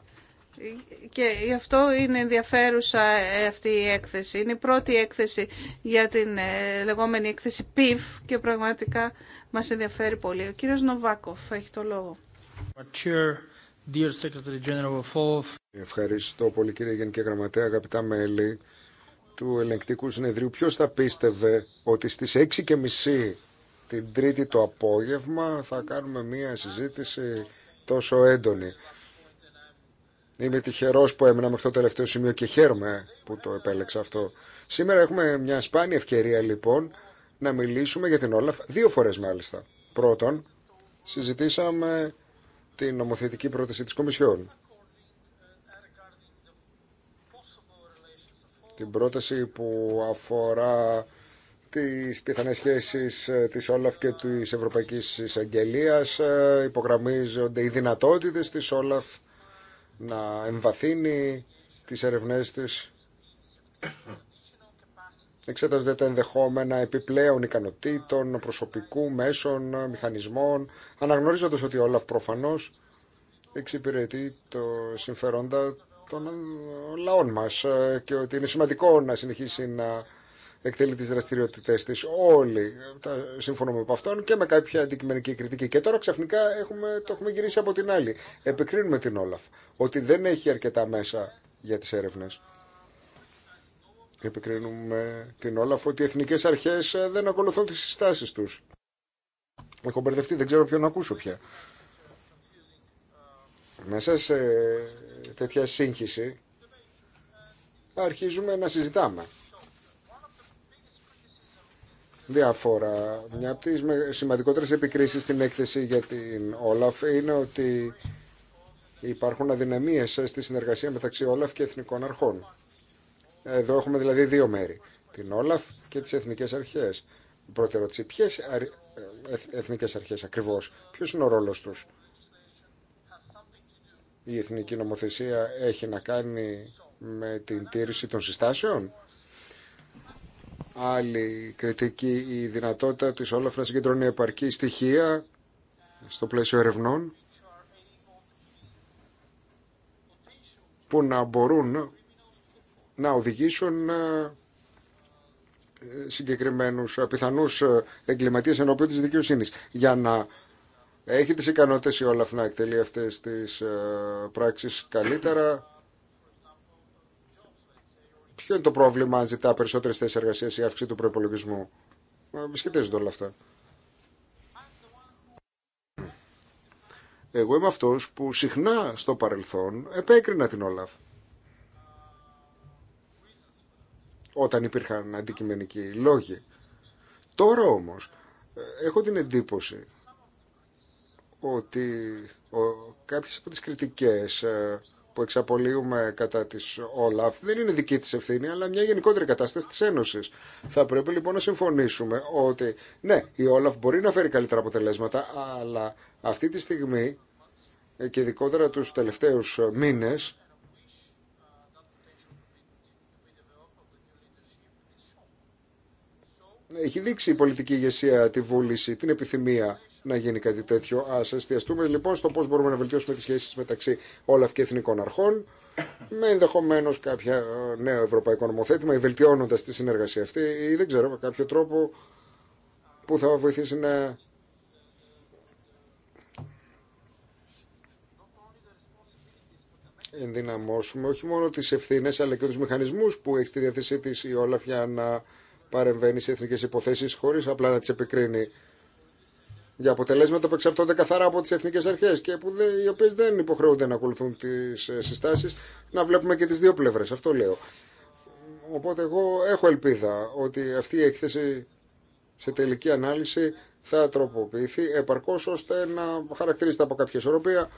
Και γι' αυτό είναι ενδιαφέρουσα ε, αυτή η έκθεση. Είναι η πρώτη έκθεση για την ε, λεγόμενη έκθεση PIF και πραγματικά μας ενδιαφέρει πολύ. Ο κύριος Νοβάκοφ έχει το λόγο. Ευχαριστώ πολύ κύριε Γενική Γραμματέα, αγαπητά μέλη του ελεγκτικού συνεδρίου. Ποιος θα πίστευε ότι στις 6.30 την Τρίτη το απόγευμα θα κάνουμε μία συζήτηση τόσο έντονη. Είμαι τυχερός που έμεινα μέχρι το τελευταίο σημείο και χαίρομαι που το επέλεξα αυτό. Σήμερα έχουμε μια σπάνια ευκαιρία λοιπόν να μιλήσουμε για την Όλαφ δύο φορές μάλιστα. Πρώτον, συζητήσαμε την νομοθετική πρόταση της Κομισιόν. Την πρόταση που αφορά τις πιθανές σχέσεις ε, της Όλαφ και της Ευρωπαϊκής Εισαγγελίας ε, υπογραμμίζονται οι δυνατότητες της Όλαφ να εμβαθύνει τις ερευνές της εξέταζονται τα ενδεχόμενα επιπλέον ικανοτήτων, προσωπικού, μέσων, μηχανισμών, αναγνωρίζοντας ότι όλα προφανώς εξυπηρετεί το συμφέροντα των λαών μας ε, και ότι είναι σημαντικό να συνεχίσει να εκτελεί τι δραστηριότητε της. Όλοι ε, συμφωνούμε από αυτόν και με κάποια αντικειμενική κριτική. Και τώρα ξαφνικά έχουμε, το έχουμε γυρίσει από την άλλη. Επικρίνουμε την Όλαφ ότι δεν έχει αρκετά μέσα για τις έρευνες. Επικρίνουμε την Όλαφ ότι οι εθνικέ αρχές ε, δεν ακολουθούν τις συστάσεις τους. Έχω μπερδευτεί, δεν ξέρω ποιον ακούσω πια. Μέσα σε τέτοια σύγχυση αρχίζουμε να συζητάμε διάφορα. Μια από τις σημαντικότερες επικρίσεις στην έκθεση για την Όλαφ είναι ότι υπάρχουν αδυναμίες στη συνεργασία μεταξύ Όλαφ και εθνικών αρχών. Εδώ έχουμε δηλαδή δύο μέρη, την Όλαφ και τις εθνικές αρχές. Πρώτη ερώτηση, ποιες ε, ε, εθνικές αρχές ακριβώς, ποιος είναι ο ρόλος τους. Η εθνική νομοθεσία έχει να κάνει με την τήρηση των συστάσεων άλλη κριτική η δυνατότητα της Όλαφ να συγκεντρώνει επαρκή στοιχεία στο πλαίσιο ερευνών που να μπορούν να οδηγήσουν ε, συγκεκριμένους πιθανούς ε, εγκληματίες ενώπιον της δικαιοσύνης για να έχει τις ικανότητες η Όλαφ να εκτελεί αυτές τις ε, πράξεις καλύτερα Ποιο είναι το πρόβλημα αν ζητά περισσότερε θέσει εργασία ή αύξηση του προπολογισμού. Ε, σχετίζονται όλα αυτά. Εγώ είμαι αυτός που συχνά στο παρελθόν επέκρινα την Όλαφ. Όταν υπήρχαν αντικειμενικοί λόγοι. Τώρα όμω, ε, έχω την εντύπωση ότι κάποιε κάποιες από τις κριτικές ε, που εξαπολύουμε κατά τη ΟΛΑΦ δεν είναι δική τη ευθύνη, αλλά μια γενικότερη κατάσταση τη Ένωση. Θα πρέπει λοιπόν να συμφωνήσουμε ότι ναι, η ΟΛΑΦ μπορεί να φέρει καλύτερα αποτελέσματα, αλλά αυτή τη στιγμή ε, και ειδικότερα τους τελευταίους ε, μήνες έχει δείξει η πολιτική ηγεσία τη βούληση, την επιθυμία να γίνει κάτι τέτοιο. Α εστιαστούμε λοιπόν στο πώ μπορούμε να βελτιώσουμε τι σχέσει μεταξύ Όλαφ και Εθνικών Αρχών, με ενδεχομένω κάποια ε, νέο ευρωπαϊκό νομοθέτημα ή βελτιώνοντα τη συνεργασία αυτή, ή δεν ξέρω, με κάποιο τρόπο που θα βοηθήσει να. ενδυναμώσουμε όχι μόνο τις ευθύνες αλλά και τους μηχανισμούς που έχει στη διαθέσή της η Όλαφ για να παρεμβαίνει σε εθνικές υποθέσεις χωρίς απλά να τις επικρίνει για αποτελέσματα που εξαρτώνται καθαρά από τι εθνικέ αρχέ και που οι οποίε δεν υποχρεούνται να ακολουθούν τι ε, συστάσει, να βλέπουμε και τι δύο πλευρέ. Αυτό λέω. Οπότε εγώ έχω ελπίδα ότι αυτή η έκθεση σε τελική ανάλυση θα τροποποιηθεί επαρκώς ώστε να χαρακτηρίζεται από κάποια ισορροπία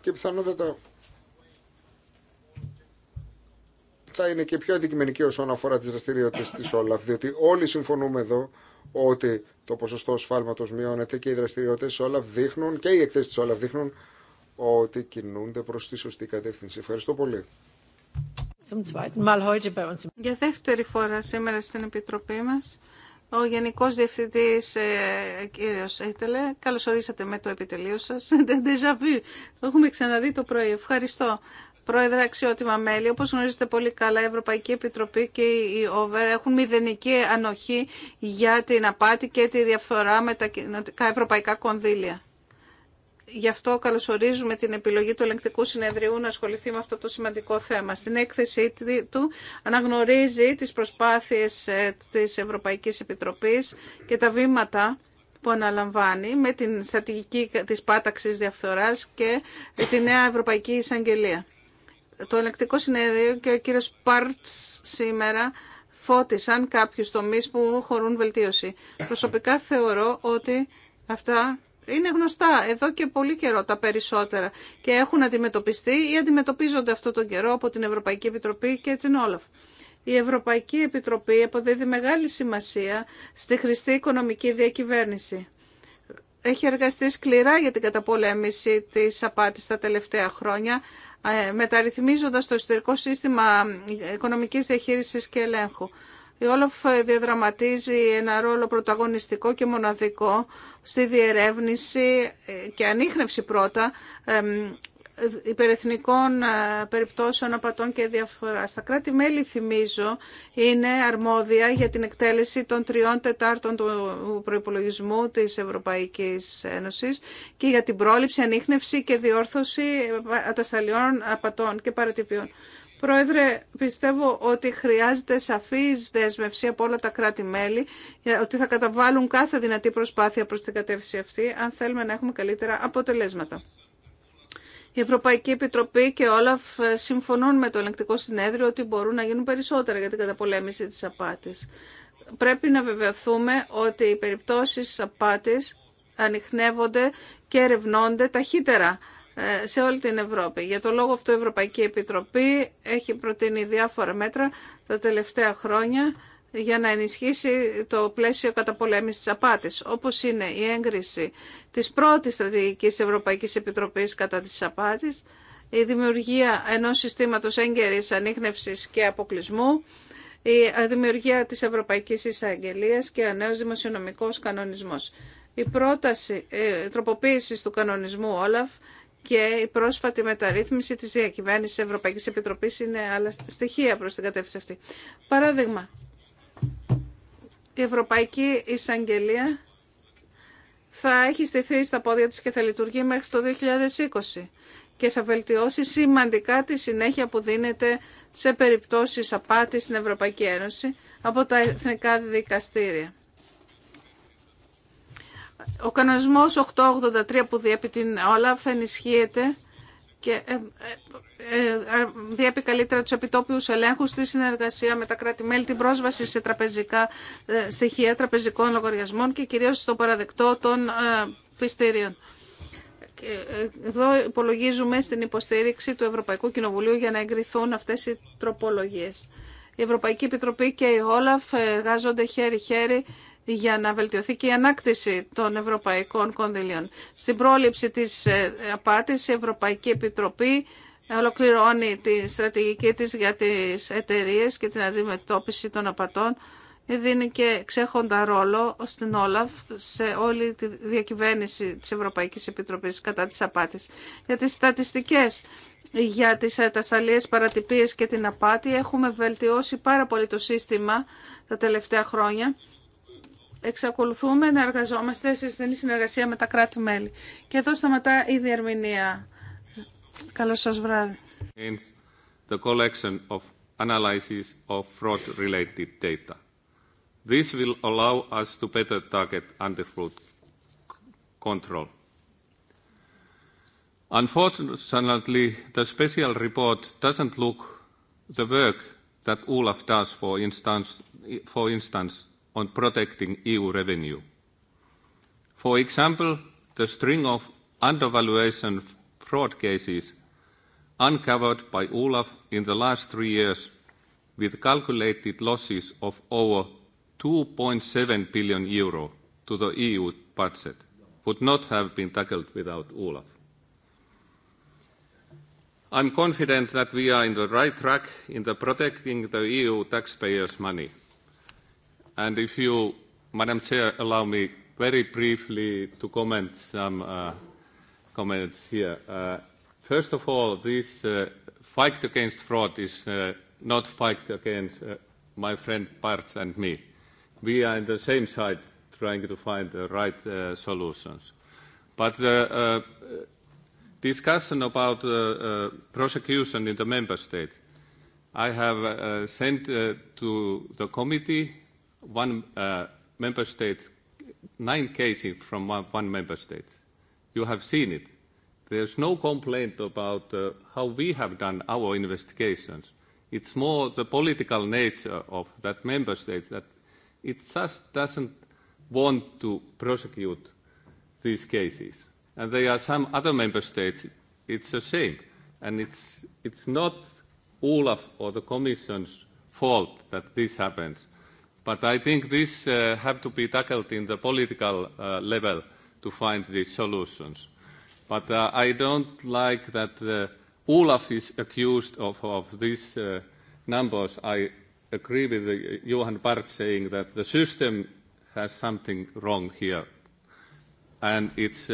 και πιθανότατα θα είναι και πιο αντικειμενική όσον αφορά τι δραστηριότητε τη Όλαφ, διότι όλοι συμφωνούμε εδώ ότι το ποσοστό σφάλματος μειώνεται και οι δραστηριότητε τη Όλαφ δείχνουν και οι εκθέσει τη Όλαφ δείχνουν ότι κινούνται προ τη σωστή κατεύθυνση. Ευχαριστώ πολύ. Για δεύτερη φορά σήμερα στην Επιτροπή μα, ο Γενικό Διευθυντή, ε, κύριος Έτελε, καλωσορίσατε με το επιτελείο σα. *laughs* Déjà Το έχουμε ξαναδεί το πρωί. Ευχαριστώ. Πρόεδρε, αξιότιμα μέλη, όπω γνωρίζετε πολύ καλά, η Ευρωπαϊκή Επιτροπή και η ΟΒΕΡ έχουν μηδενική ανοχή για την απάτη και τη διαφθορά με τα ευρωπαϊκά κονδύλια. Γι' αυτό καλωσορίζουμε την επιλογή του ελεγκτικού συνεδριού να ασχοληθεί με αυτό το σημαντικό θέμα. Στην έκθεσή του αναγνωρίζει τις προσπάθειες ε, της Ευρωπαϊκής Επιτροπής και τα βήματα που αναλαμβάνει με την στρατηγική της πάταξης διαφθοράς και τη νέα Ευρωπαϊκή Εισαγγελία το ελεκτικό συνέδριο και ο κύριος Πάρτς σήμερα φώτισαν κάποιους τομείς που χωρούν βελτίωση. Προσωπικά θεωρώ ότι αυτά είναι γνωστά εδώ και πολύ καιρό τα περισσότερα και έχουν αντιμετωπιστεί ή αντιμετωπίζονται αυτό τον καιρό από την Ευρωπαϊκή Επιτροπή και την Όλαφ. Η Ευρωπαϊκή Επιτροπή αποδίδει μεγάλη σημασία στη χρηστή οικονομική διακυβέρνηση. Έχει εργαστεί σκληρά για την καταπολέμηση της απάτης τα τελευταία χρόνια, ε, μεταρρυθμίζοντας το ιστορικό σύστημα οικονομικής διαχείρισης και ελέγχου. Η Όλοφ διαδραματίζει ένα ρόλο πρωταγωνιστικό και μοναδικό στη διερεύνηση και ανείχνευση πρώτα υπερεθνικών ε, περιπτώσεων απατών και διαφορά. Στα κράτη-μέλη, θυμίζω, είναι αρμόδια για την εκτέλεση των τριών τετάρτων του προϋπολογισμού της Ευρωπαϊκής Ένωσης και για την πρόληψη, ανείχνευση και διόρθωση ατασταλιών απατών και παρατυπιών. Πρόεδρε, πιστεύω ότι χρειάζεται σαφή δέσμευση από όλα τα κράτη-μέλη ότι θα καταβάλουν κάθε δυνατή προσπάθεια προς την κατεύθυνση αυτή αν θέλουμε να έχουμε καλύτερα αποτελέσματα. Η Ευρωπαϊκή Επιτροπή και όλα ε, συμφωνούν με το ελεγκτικό συνέδριο ότι μπορούν να γίνουν περισσότερα για την καταπολέμηση της απάτης. Πρέπει να βεβαιωθούμε ότι οι περιπτώσεις απάτης ανοιχνεύονται και ερευνώνται ταχύτερα ε, σε όλη την Ευρώπη. Για το λόγο αυτό η Ευρωπαϊκή Επιτροπή έχει προτείνει διάφορα μέτρα τα τελευταία χρόνια για να ενισχύσει το πλαίσιο καταπολέμησης της απάτης, όπως είναι η έγκριση της πρώτης στρατηγικής Ευρωπαϊκής Επιτροπής κατά της απάτης, η δημιουργία ενός συστήματος έγκαιρης ανείχνευσης και αποκλεισμού, η δημιουργία της Ευρωπαϊκής Εισαγγελίας και ο νέος δημοσιονομικός κανονισμός. Η πρόταση ε, τροποποίησης του κανονισμού Όλαφ και η πρόσφατη μεταρρύθμιση της διακυβέρνησης Ευρωπαϊκής Επιτροπής είναι άλλα στοιχεία προς την κατεύθυνση αυτή. Παράδειγμα, η Ευρωπαϊκή Εισαγγελία θα έχει στηθεί στα πόδια της και θα λειτουργεί μέχρι το 2020 και θα βελτιώσει σημαντικά τη συνέχεια που δίνεται σε περιπτώσεις απάτης στην Ευρωπαϊκή Ένωση από τα εθνικά δικαστήρια. Ο κανονισμός 883 που διέπει την όλα ενισχύεται και ε, ε, ε, διέπει καλύτερα του επιτόπιου ελέγχους στη συνεργασία με τα κράτη-μέλη, την πρόσβαση σε τραπεζικά ε, στοιχεία τραπεζικών λογαριασμών και κυρίως στο παραδεκτό των ε, πιστήριων. Εδώ υπολογίζουμε στην υποστήριξη του Ευρωπαϊκού Κοινοβουλίου για να εγκριθούν αυτέ οι τροπολογίες. Η Ευρωπαϊκή Επιτροπή και η Όλαφ εργάζονται χέρι-χέρι για να βελτιωθεί και η ανάκτηση των ευρωπαϊκών κονδυλίων. Στην πρόληψη της απάτης η Ευρωπαϊκή Επιτροπή ολοκληρώνει τη στρατηγική της για τις εταιρείε και την αντιμετώπιση των απατών δίνει και ξέχοντα ρόλο στην Όλαφ σε όλη τη διακυβέρνηση της Ευρωπαϊκής Επιτροπής κατά της απάτης. Για τις στατιστικές, για τις ατασταλίες παρατυπίες και την απάτη έχουμε βελτιώσει πάρα πολύ το σύστημα τα τελευταία χρόνια. Εξακολουθούμε να εργαζόμαστε σε στενή συνεργασία με τα κράτη-μέλη. Και εδώ σταματά η διερμηνία. Καλό σας βράδυ. The collection of analysis of fraud-related data. This will allow us to better target anti-fraud control. Unfortunately, the special report doesn't look the work that Olaf does, for instance, for instance, on protecting EU revenue. For example, the string of undervaluation fraud cases uncovered by Olaf in the last three years with calculated losses of over 2.7 billion euro to the EU budget would not have been tackled without Olaf. I'm confident that we are in the right track in protecting the EU taxpayers' money. And if you, Madam Chair, allow me very briefly to comment some comments here. First of all, this fight against fraud is not fight against my friend Parts and me. We are on the same side trying to find the right solutions. But the discussion about prosecution in the member state, I have sent to the committee one member state, nine cases from one member state. You have seen it. There's no complaint about how we have done our investigations. It's more the political nature of that member state that it just doesn't want to prosecute these cases. And there are some other member states, it's the same. And it's, it's not Olaf or the Commission's fault that this happens. But I think this has to be tackled in the political level to find these solutions. But I don't like that Olaf is accused of these numbers. I agree with Johan Bart saying that the system has something wrong here. And it's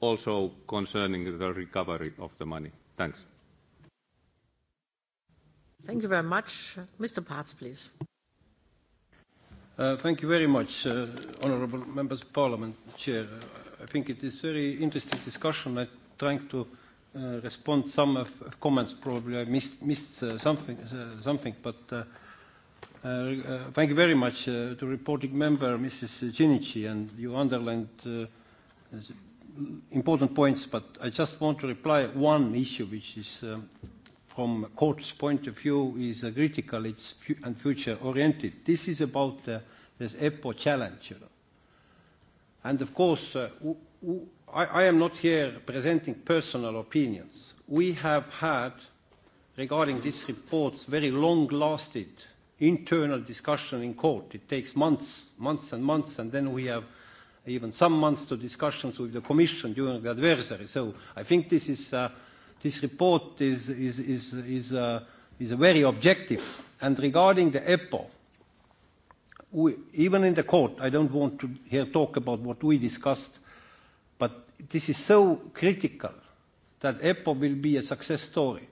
also concerning the recovery of the money. Thanks. Thank you very much. Mr. Parts, please. Thank you very much, honourable members of parliament, chair. I think it is very interesting discussion. I'm trying to respond some of comments. Probably I missed, something, something, but thank you very much to reporting member, Mrs. Ginici, and you underlined important points, but I just want to reply one issue, which is from court's point of view is critical it's and future oriented this is about this EPPO challenge and of course I am not here presenting personal opinions we have had regarding this report's very long lasting internal discussion in court it takes months months and months and then we have even some months to discussions with the commission during the adversary so I think this is This report is is is is is very objective. And regarding the EPO, even in the court, I don't want to here talk about what we discussed, but this is so critical that EPO will be a success story.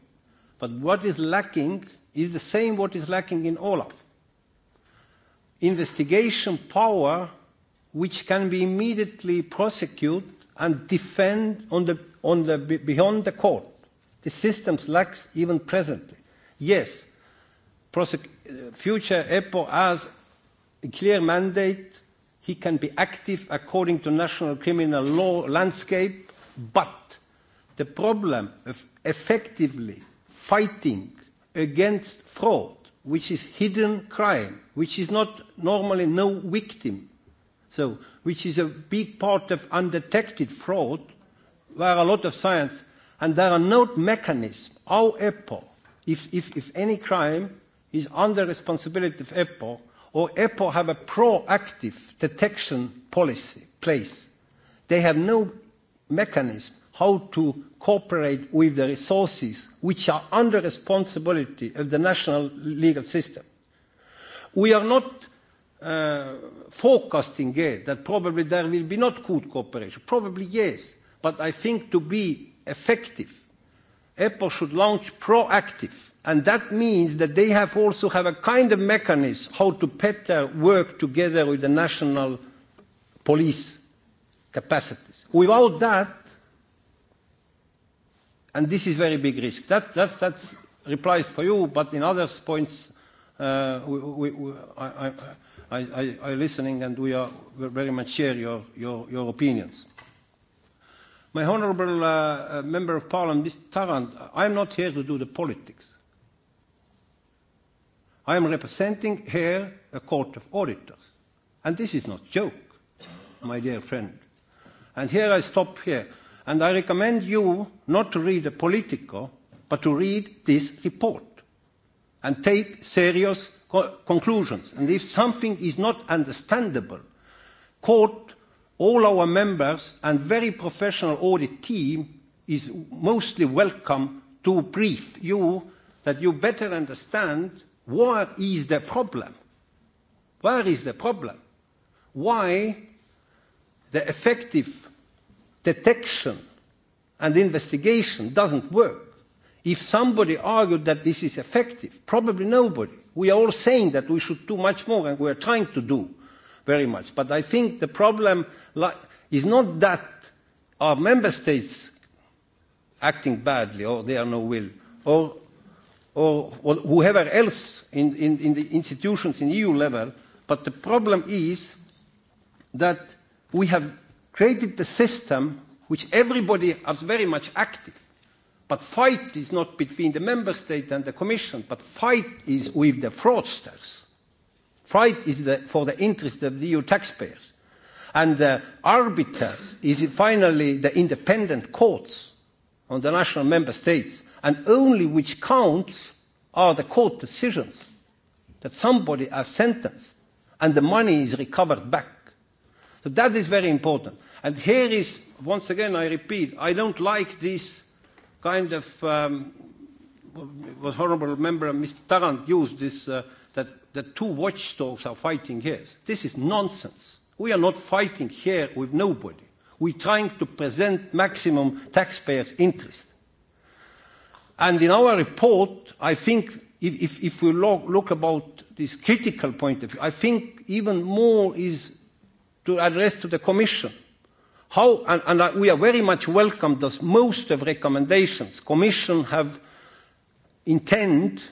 But what is lacking is the same what is lacking in Olaf. Investigation power which can be immediately prosecuted and defend on the, on the, beyond the court. The systems lacks even presently. Yes, future EPO has a clear mandate. He can be active according to national criminal law landscape, but the problem of effectively fighting against fraud, which is hidden crime, which is not normally no victim, so which is a big part of undetected fraud, where a lot of science and there are no mechanisms. How EPO, if, if, if any crime is under responsibility of EPO, or EPO have a proactive detection policy place, they have no mechanism how to cooperate with the resources which are under responsibility of the national legal system. We are not forecasting that probably there will be not good cooperation. Probably yes, but I think to be effective. EPO should launch proactive, and that means that they have also have a kind of mechanism how to better work together with the national police capacities. Without that, and this is very big risk. That that's that's replies for you, but in other points, uh, we, we, I, I, I, I listening and we are very much share your your, your opinions. My honourable member of parliament, Mr. Tarrant, I am not here to do the politics. I am representing here a court of auditors. And this is not a joke, my dear friend. And here I stop here. And I recommend you not to read a Politico, but to read this report and take serious conclusions. And if something is not understandable, court All our members and very professional audit team is mostly welcome to brief you that you better understand what is the problem. Where is the problem? Why the effective detection and investigation doesn't work. If somebody argued that this is effective, probably nobody. We are all saying that we should do much more and we are trying to do very much. But I think the problem is not that our member states acting badly or they are no will or or whoever else in, in, in the institutions in EU level, but the problem is that we have created the system which everybody is very much active. But fight is not between the member state and the commission, but fight is with the fraudsters Fight is for the interest of the EU taxpayers. And the arbiters is finally the independent courts on the national member states. And only which counts are the court decisions that somebody has sentenced and the money is recovered back. So that is very important. And here is, once again, I repeat, I don't like this kind of, um, was horrible. member Mr. Tarrant used this that the two watchdogs are fighting here. This is nonsense. We are not fighting here with nobody. We are trying to present maximum taxpayers' interest. And in our report, I think if, if if we look about this critical point of view, I think even more is to address to the Commission. How, and, and we are very much welcome those most of recommendations Commission have intend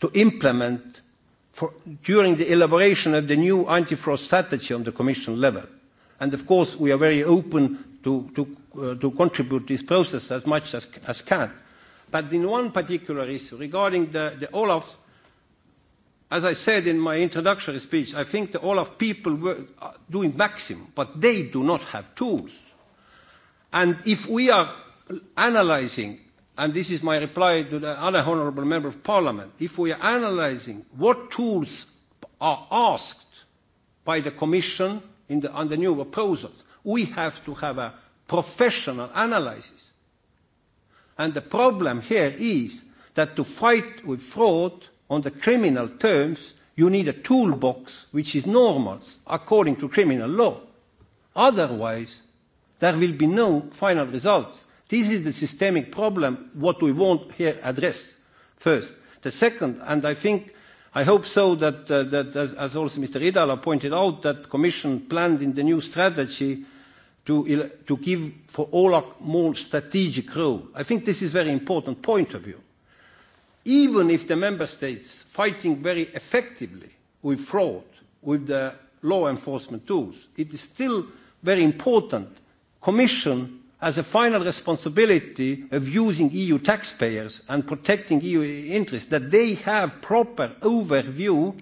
to implement during the elaboration of the new anti-fraud strategy on the Commission level. And of course, we are very open to contribute this process as much as can. But in one particular issue, regarding the Olaf, as I said in my introductory speech, I think the Olaf people were doing maximum, but they do not have tools. And if we are analyzing and this is my reply to the other honourable member of parliament, if we are analysing what tools are asked by the commission in the, on the new proposals, we have to have a professional analysis. And the problem here is that to fight with fraud on the criminal terms, you need a toolbox which is normal according to criminal law. Otherwise, there will be no final results This is the systemic problem, what we want here address first. The second, and I think, I hope so that, that as also Mr. Idala pointed out, that Commission planned in the new strategy to, to give for OLAC more strategic role. I think this is a very important point of view. Even if the member states fighting very effectively with fraud, with the law enforcement tools, it is still very important Commission as a final responsibility of using EU taxpayers and protecting EU interests, that they have proper overview,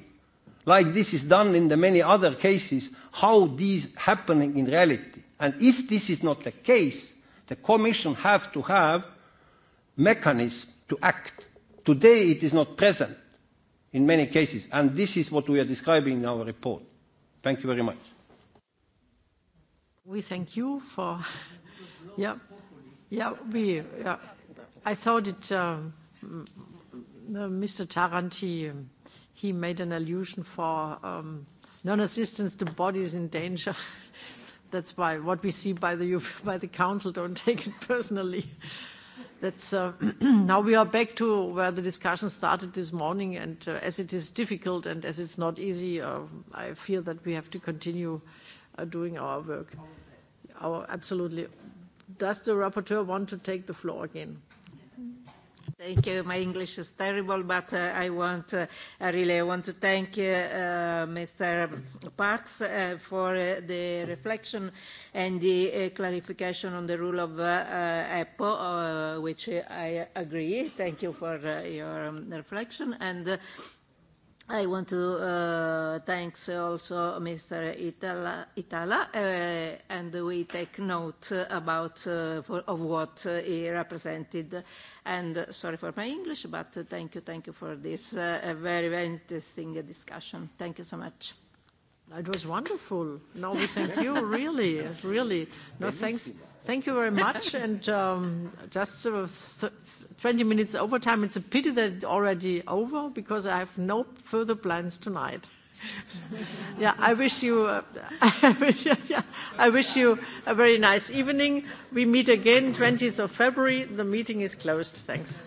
like this is done in the many other cases, how these happening in reality. And if this is not the case, the Commission has to have mechanism to act. Today it is not present in many cases, and this is what we are describing in our report. Thank you very much. We thank you for Yeah, yeah, we, yeah. I thought it, Mr. Taranti, he made an allusion for non-assistance to bodies in danger. That's why what we see by the by the Council, don't take it personally. That's now we are back to where the discussion started this morning, and as it is difficult and as it's not easy, I feel that we have to continue doing our work. Our absolutely Does the rapporteur want to take the floor again? Thank you. My English is terrible, but I want really I want to thank Mr. Parks for the reflection and the clarification on the rule of EPO, which I agree. Thank you for your reflection. And I want to thank also Mr. Itala, and we take note about of what he represented. And sorry for my English, but thank you, thank you for this very, very interesting discussion. Thank you so much. It was wonderful. No, we thank you, really, really. No, thanks. Thank you very much. And just 20 minutes overtime. It's a pity that it's already over because I have no further plans tonight. Yeah, I wish you, I wish you a very nice evening. We meet again 20th of February. The meeting is closed. Thanks.